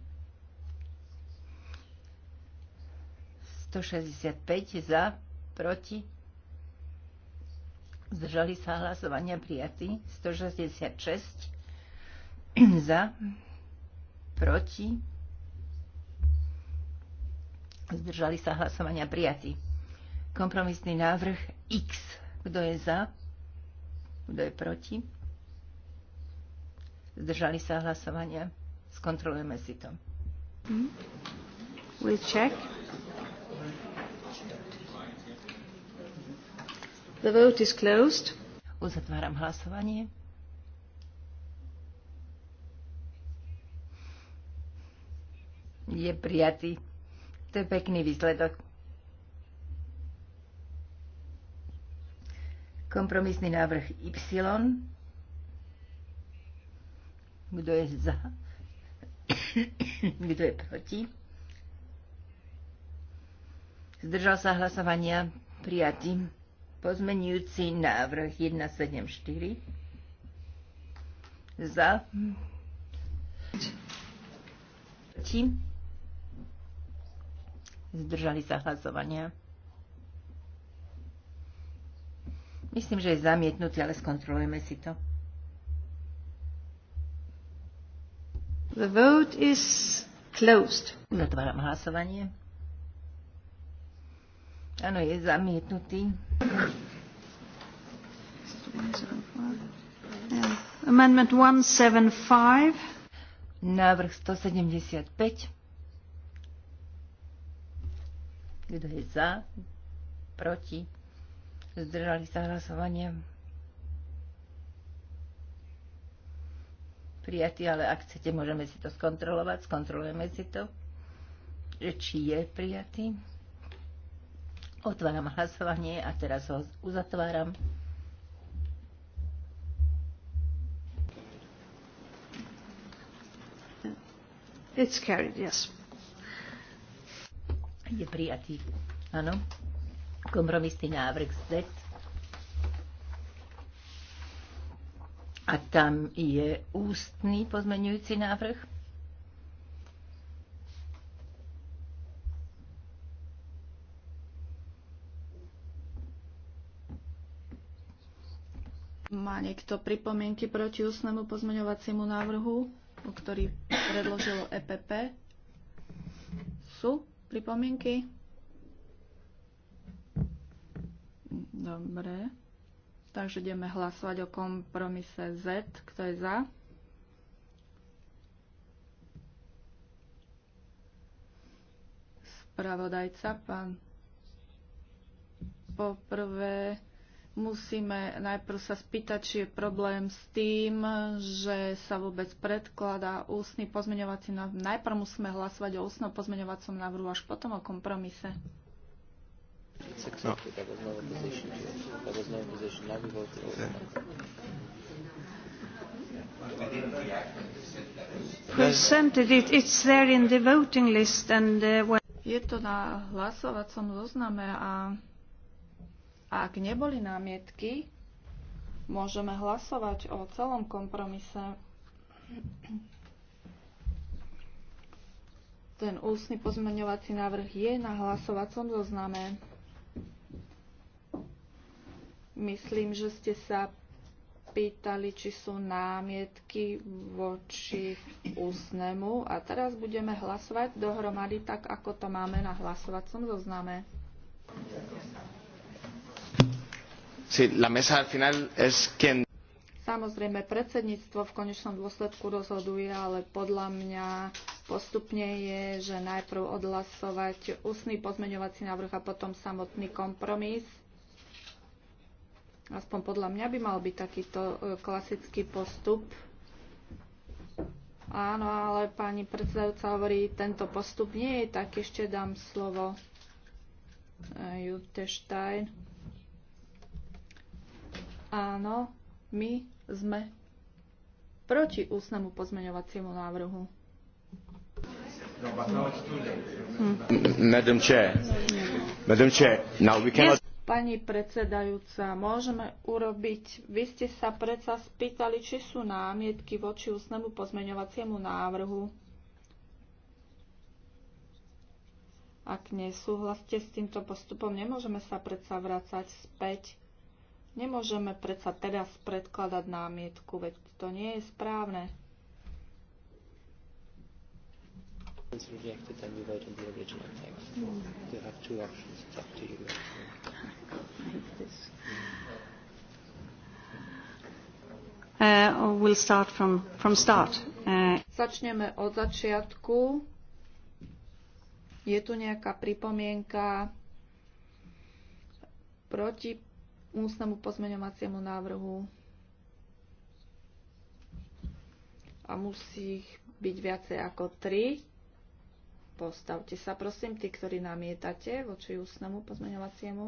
165 za, proti, zdržali sa hlasovania prijatí, 166 za, proti, zdržali sa hlasovania prijatí. Kompromisný návrh X. Kto je za? Kto je proti? Zdržali sa hlasovania? Skontrolujeme si to. Mm. check. The vote is closed. Uzatváram hlasovanie. Je prijatý. To je pekný výsledok. Kompromisný návrh Y. Kto je za? Kto je proti? Zdržal sa hlasovania prijatý. Pozmenujúci návrh 174. Za. Proti. Zdržali sa hlasovania. Myslím, že je zamietnutý, ale skontrolujeme si to. The vote is closed. Zatváram hlasovanie. Áno, je zamietnutý. Amendment 175. Návrh 175. Kto je za? Proti? Zdržali sa hlasovanie. Prijatý, ale ak chcete, môžeme si to skontrolovať. Skontrolujeme si to, že či je prijatý. Otváram hlasovanie a teraz ho uzatváram. It's carried, yes. Je prijatý. Áno. Kompromisný návrh Z. A tam je ústný pozmeňujúci návrh. Má niekto pripomienky proti ústnemu pozmeňovaciemu návrhu, ktorý predložilo EPP? Sú pripomienky? Dobre. Takže ideme hlasovať o kompromise Z. Kto je za? Spravodajca, pán. Poprvé musíme najprv sa spýtať, či je problém s tým, že sa vôbec predkladá ústny pozmeňovací návrh. Najprv musíme hlasovať o ústnom pozmeňovacom návrhu, až potom o kompromise. No. Uh, je to na hlasovacom zozname a ak neboli námietky, môžeme hlasovať o celom kompromise. Ten ústny pozmeňovací návrh je na hlasovacom zozname. Myslím, že ste sa pýtali, či sú námietky voči ústnemu a teraz budeme hlasovať dohromady tak, ako to máme na hlasovacom zozname. Ďakujem. Sí, la mesa al final es quien... Samozrejme, predsedníctvo v konečnom dôsledku rozhoduje, ale podľa mňa postupne je, že najprv odhlasovať ústny pozmeňovací návrh a potom samotný kompromis. Aspoň podľa mňa by mal byť takýto e, klasický postup. Áno, ale pani predsedajúca hovorí, tento postup nie je tak. Ešte dám slovo e, Jute Stein. Áno, my sme proti ústnemu pozmeňovaciemu návrhu. Madam Chair. Madam Chair, now we cannot... Pani predsedajúca, môžeme urobiť... Vy ste sa predsa spýtali, či sú námietky voči ústnemu pozmeňovaciemu návrhu. Ak nesúhlaste s týmto postupom, nemôžeme sa predsa vrácať späť Nemôžeme predsa teraz predkladať námietku, veď to nie je správne. Uh, we'll start from, from start. Uh, Začneme od začiatku. Je tu nejaká pripomienka proti ústnemu pozmeňovaciemu návrhu a musí ich byť viacej ako 3. Postavte sa, prosím, tí, ktorí namietate voči ústnemu pozmeňovaciemu.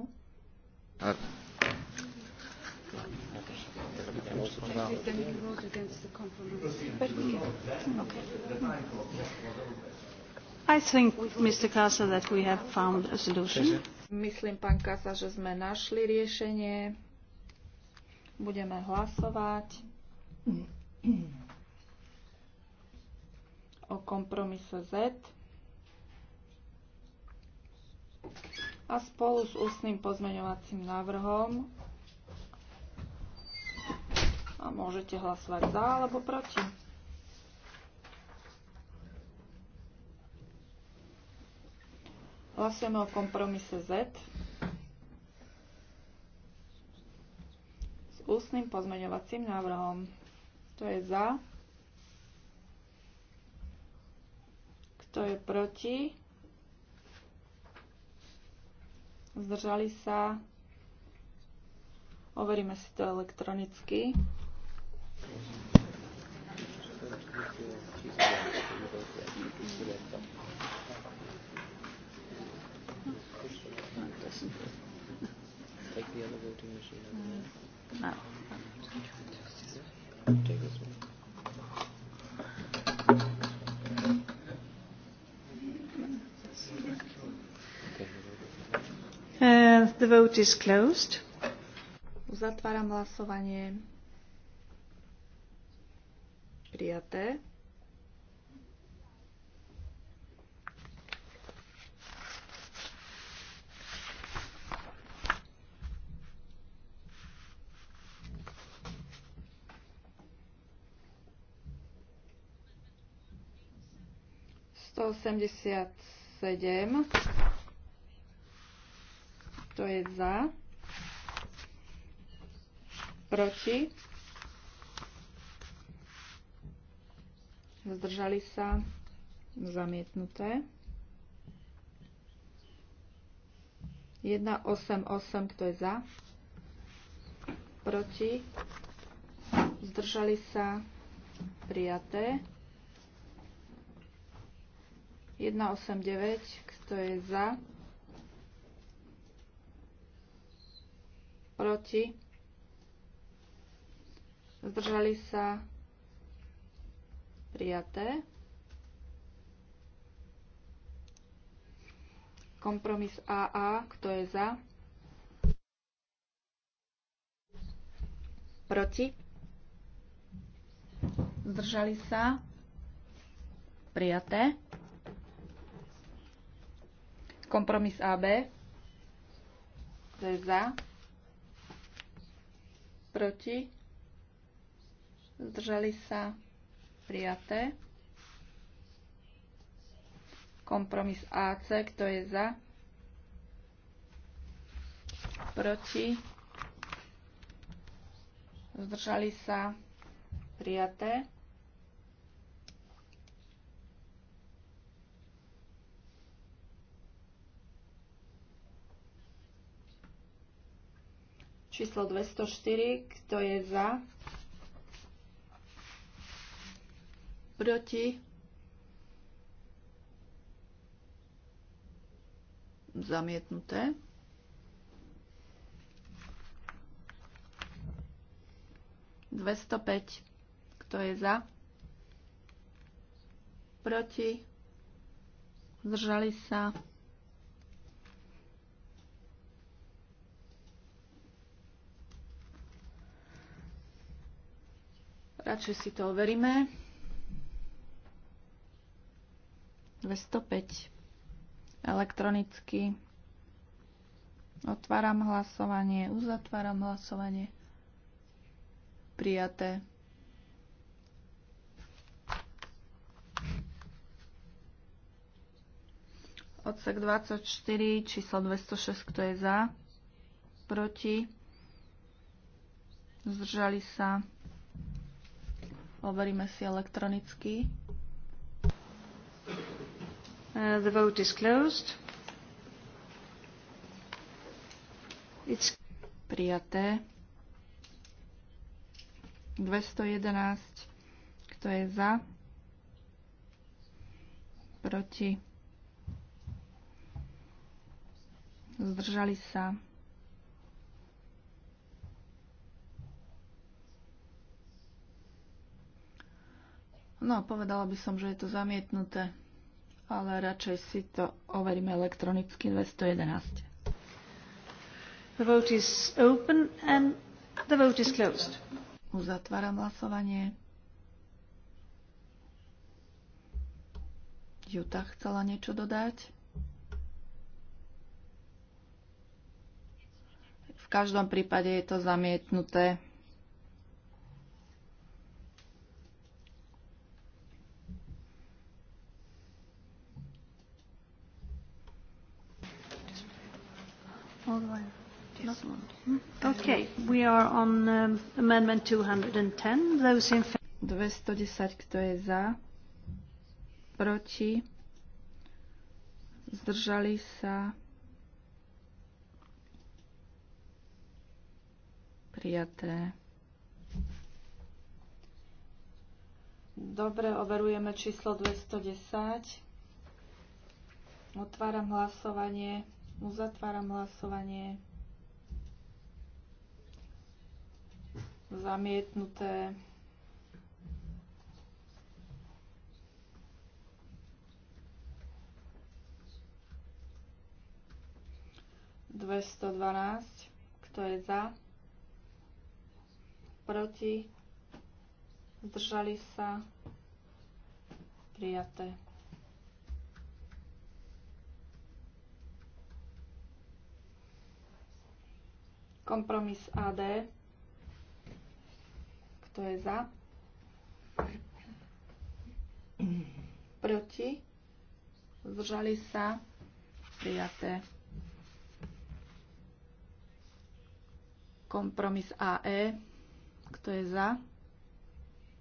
I think, Mr. Casa, that we have found a solution. Myslím, pán Kasa, že sme našli riešenie. Budeme hlasovať o kompromise Z a spolu s ústnym pozmeňovacím návrhom a môžete hlasovať za alebo proti. Hlasujeme o kompromise Z s ústnym pozmeňovacím návrhom. Kto je za? Kto je proti? Zdržali sa? Overíme si to elektronicky. Take the other voting machine over there. No. Take this one. Uh, the vote is closed. Uzatváram hlasovanie. Prijaté. 187. To je za? Proti? Zdržali sa? Zamietnuté. 188, kto je za? Proti? Zdržali sa? Prijaté. 189, kto je za, proti, zdržali sa, prijaté. Kompromis AA, kto je za, proti, zdržali sa, prijaté. Kompromis AB. Kto je za? Proti? Zdržali sa? Prijaté. Kompromis AC. Kto je za? Proti? Zdržali sa? Prijaté. Číslo 204, kto je za? Proti? Zamietnuté. Dvesto päť. Kto je za? Proti? Zdržali sa? Radšej si to overíme. 205 elektronicky. Otváram hlasovanie, uzatváram hlasovanie. Prijaté. Odsek 24, číslo 206, kto je za? Proti? Zdržali sa? Overíme si elektronicky. Uh, the vote is closed. It's prijaté. 211. Kto je za? Proti? Zdržali sa. No, povedala by som, že je to zamietnuté, ale radšej si to overíme elektronicky 211. The vote is open and the vote is closed. Uzatváram hlasovanie. Juta chcela niečo dodať? V každom prípade je to zamietnuté. 210. 210, hmm? um, kto je za? Proti? Zdržali sa? Prijaté. Dobre, overujeme číslo 210. Otváram hlasovanie. Uzatváram hlasovanie. Zamietnuté. Dvesto dvanásť. Kto je za? Proti? Zdržali sa? Prijaté. Kompromis AD. Kto je za? Proti? Zdržali sa? Prijaté. Kompromis AE. Kto je za?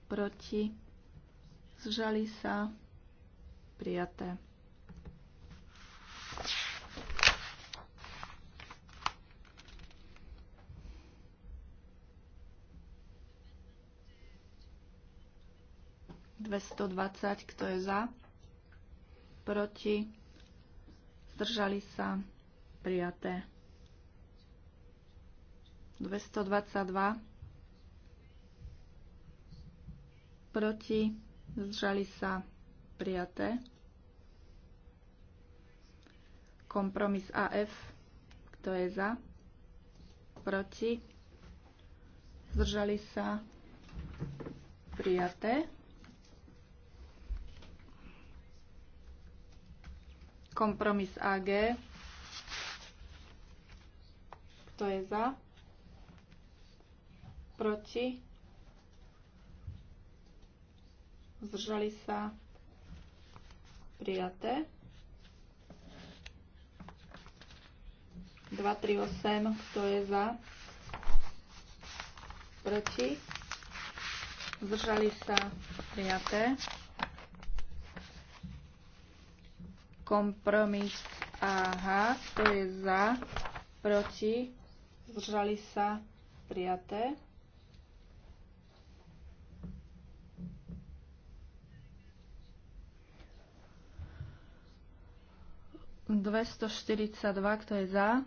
Proti? Zdržali sa? Prijaté. 220, kto je za, proti, zdržali sa, prijaté. 222, proti, zdržali sa, prijaté. Kompromis AF, kto je za, proti, zdržali sa, prijaté. Kompromis AG. Kto je za? Proti? Zdržali sa? Prijaté. 238. Kto je za? Proti? Zdržali sa? Prijaté. Kompromis Aha, kto je za, proti, zdržali sa, prijaté. Dvesto štyridsať dva, kto je za?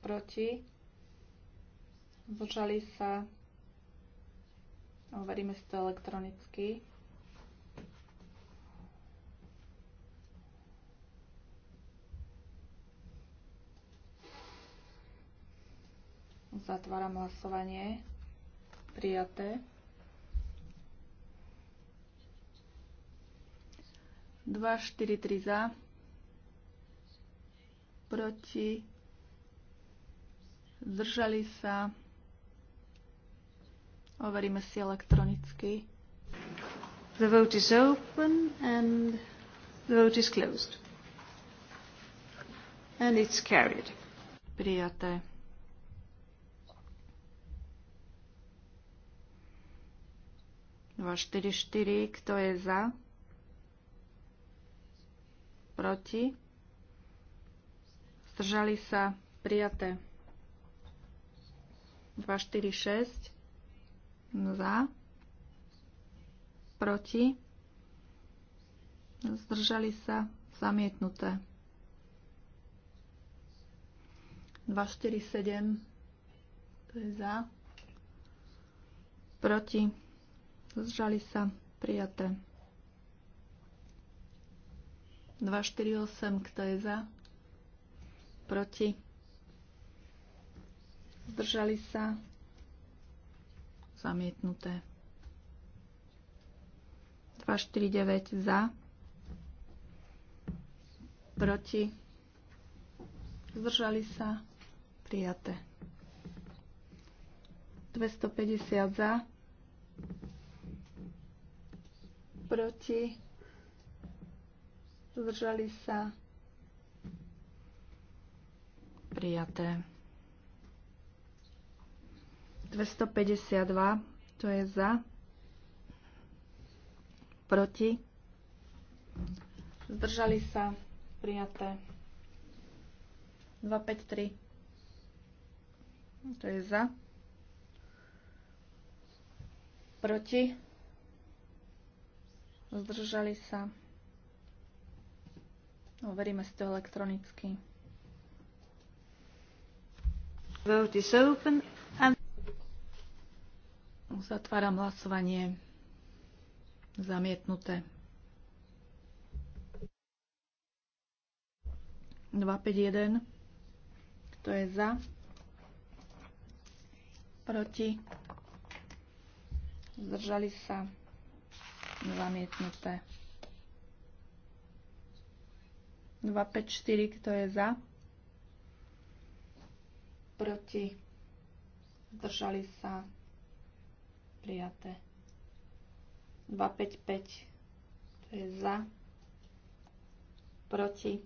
Proti? Zdržali sa, Overíme si to elektronicky. Zatváram hlasovanie. Prijaté. Dva, štyri, tri za. Proti. Zdržali sa. Overíme si elektronicky. The vote is open and the vote is closed. And it's carried. Prijaté. Dva, štyri, štyri. Kto je za? Proti? Zdržali sa? Prijaté. Dva, štyri, šesť za, proti, zdržali sa, zamietnuté. 7, to je za, proti, zdržali sa, prijaté. 8, kto je za, proti, zdržali sa, zamietnuté. 249 za, proti, zdržali sa, prijaté. 250 za, proti, zdržali sa, prijaté. 252, to je za, proti, zdržali sa, prijaté. 253, to je za, proti, zdržali sa. Overíme si to elektronicky. Vote is open. Uzatváram hlasovanie. Zamietnuté. 251. Kto je za? Proti? Zdržali sa? Zamietnuté. 254. Kto je za? Proti? Zdržali sa? prijaté. 255, to je za, proti.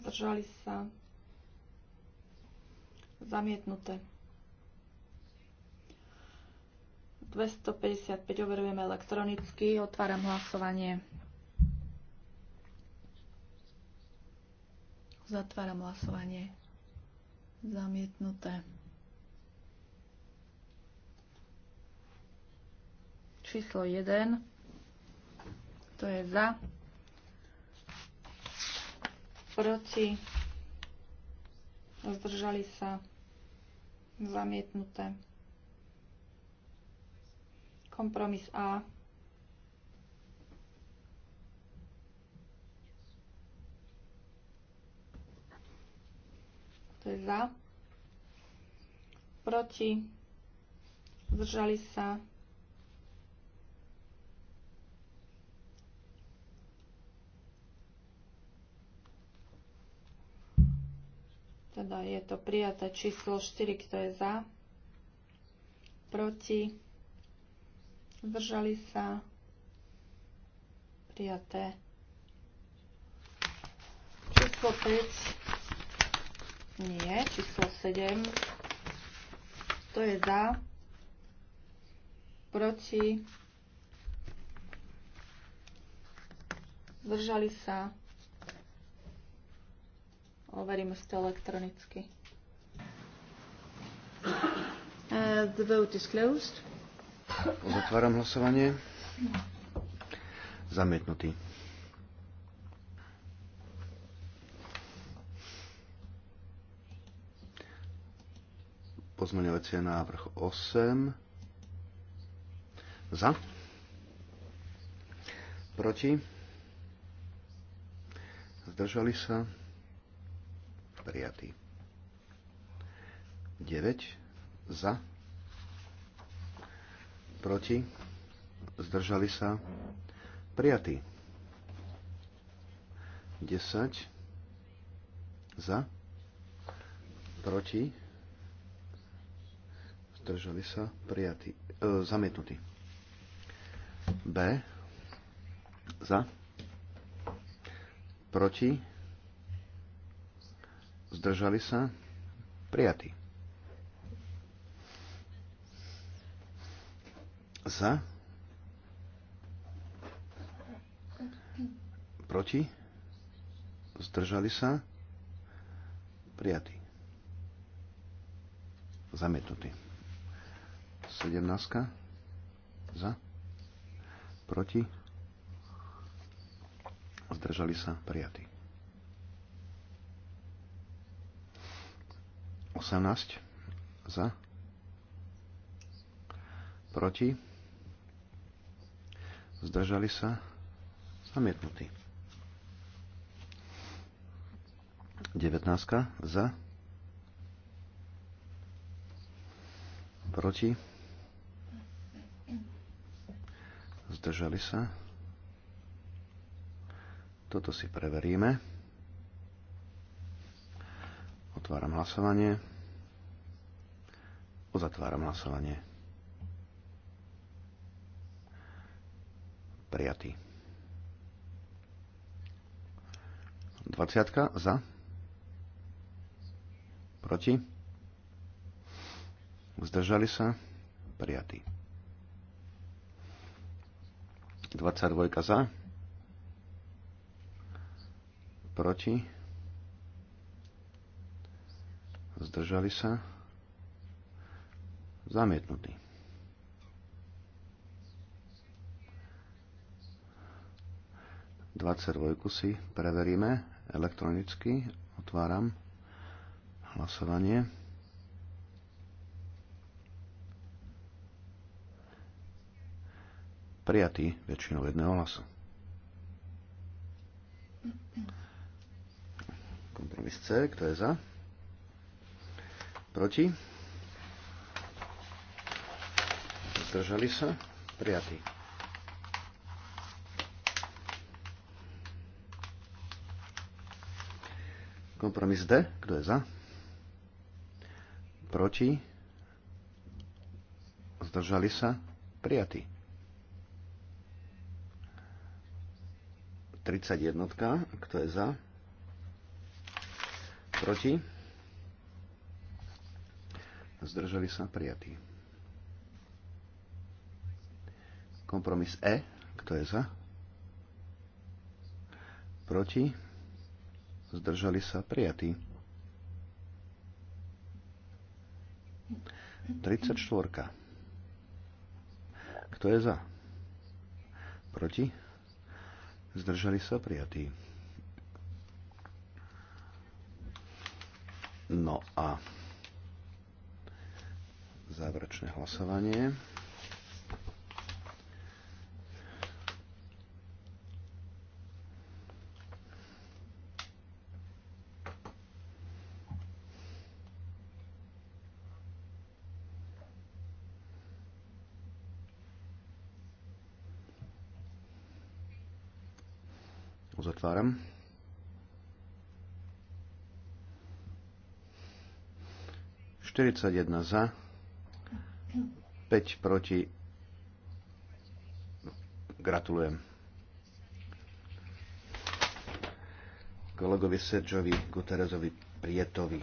Zdržali sa. Zamietnuté. 255 overujeme elektronicky. Otváram hlasovanie. Zatváram hlasovanie. Zamietnuté. Číslo 1. To je za. Proti. Zdržali sa. Zamietnuté. Kompromis A. kto je za, proti, zdržali sa, Teda je to prijaté číslo 4, kto je za, proti, zdržali sa, prijaté. Číslo 5, nie, číslo 7. To je za, proti, zdržali sa. Overíme si to elektronicky. Uh, the vote is closed. Uzatváram hlasovanie. Zamietnutý. Pozmeňovací návrh 8. Za. Proti. Zdržali sa. Prijatý. 9. Za. Proti. Zdržali sa. Prijatý. 10. Za. Proti zdržali sa, prijatí, e, zamietnutí. B, za, proti, zdržali sa, prijatí. Za, proti, zdržali sa, prijatí. Zamietnutý. 17. Za. Proti. Zdržali sa prijatí. 18. Za. Proti. Zdržali sa zamietnutí. 19. Za. Proti. Zdržali sa? Toto si preveríme. Otváram hlasovanie. Uzatváram hlasovanie. Prijatý. 20 za. Proti. Zdržali sa. Prijatý. 22 za. Proti. Zdržali sa. Zamietnutý. dvojku si preveríme elektronicky. Otváram hlasovanie. prijatý väčšinou jedného hlasu. Kompromis C, kto je za? Proti? Zdržali sa? Prijatý. Kompromis D, kto je za? Proti? Zdržali sa? Prijatý. 31. Kto je za? Proti? Zdržali sa prijatí. Kompromis E. Kto je za? Proti? Zdržali sa prijatí. 34. Kto je za? Proti? zdržali sa prijatí. No a záverečné hlasovanie. 41 za, 5 proti. Gratulujem. kolegovi Sergiovi Guterezovi Prietovi.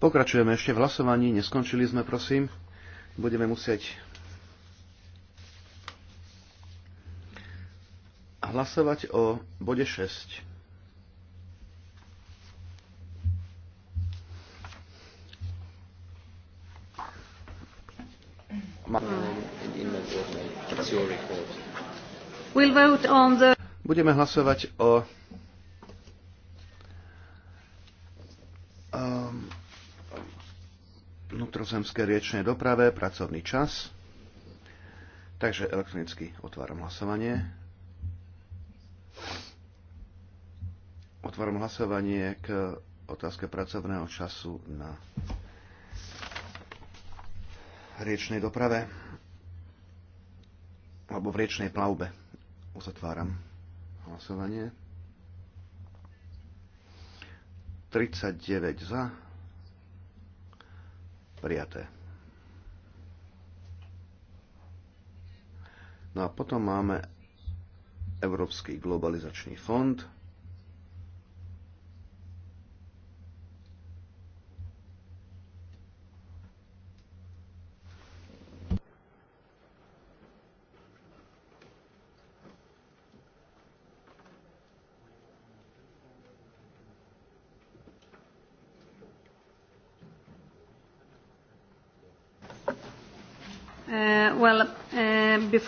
Pokračujeme ešte v hlasovaní, neskončili sme, prosím. Budeme musieť hlasovať o bode 6. Budeme hlasovať o pozemskej riečnej doprave, pracovný čas. Takže elektronicky otváram hlasovanie. Otváram hlasovanie k otázke pracovného času na riečnej doprave alebo v riečnej plavbe. Uzatváram hlasovanie. 39 za, Prijaté. No a potom máme Európsky globalizačný fond,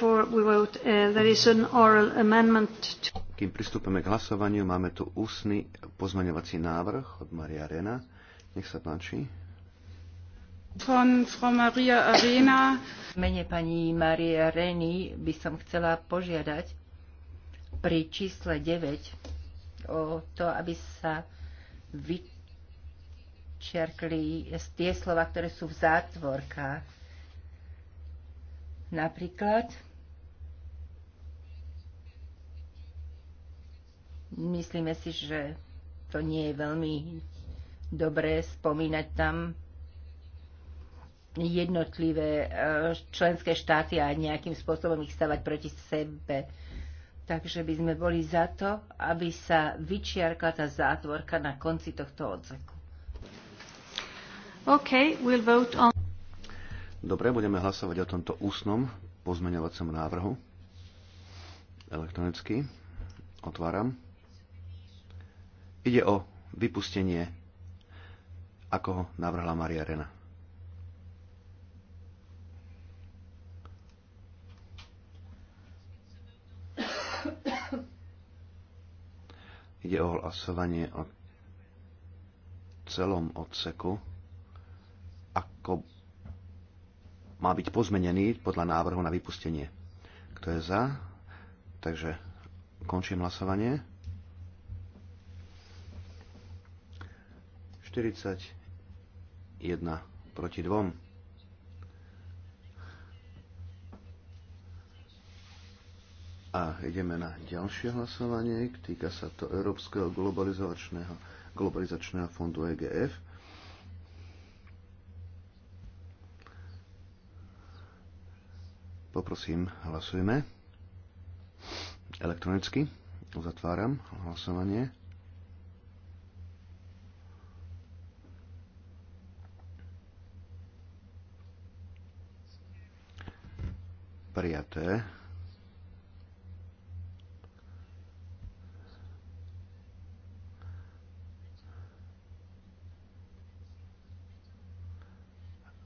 Uh, Kým pristúpime k hlasovaniu, máme tu ústny pozmaňovací návrh od Maria Rena. Nech sa páči. Von Frau Maria Arena. V mene pani Marie Reny by som chcela požiadať pri čísle 9 o to, aby sa vyčerkli tie slova, ktoré sú v zátvorkách. Napríklad Myslíme si, že to nie je veľmi dobré spomínať tam jednotlivé e, členské štáty a nejakým spôsobom ich stavať proti sebe. Takže by sme boli za to, aby sa vyčiarkla tá zátvorka na konci tohto odseku. Okay, we'll vote on... Dobre, budeme hlasovať o tomto ústnom pozmeňovacom návrhu. Elektronicky otváram. Ide o vypustenie, ako ho navrhla Maria Rena. Ide o hlasovanie o celom odseku, ako má byť pozmenený podľa návrhu na vypustenie. Kto je za? Takže končím hlasovanie. 41 proti 2. A ideme na ďalšie hlasovanie. Týka sa to Európskeho globalizačného, globalizačného fondu EGF. Poprosím, hlasujme. Elektronicky uzatváram hlasovanie. prijaté.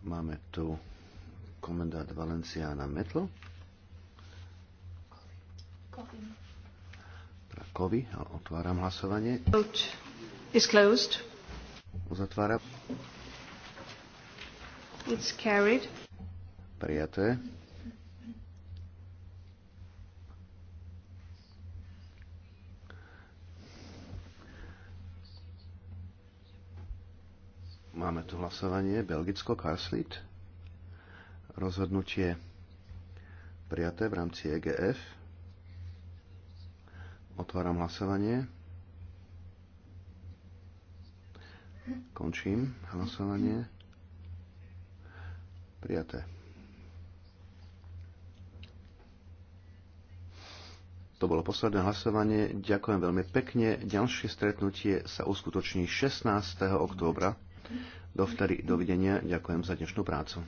Máme tu komendát Valenciana Metlo. Kovy. Otváram hlasovanie. is closed. Uzatváram. It's carried. Prijaté. Máme tu hlasovanie Belgicko, Karslit. Rozhodnutie prijaté v rámci EGF. Otváram hlasovanie. Končím hlasovanie. Prijaté. To bolo posledné hlasovanie. Ďakujem veľmi pekne. Ďalšie stretnutie sa uskutoční 16. októbra. Dovtedy, dovidenia, ďakujem za dnešnú prácu.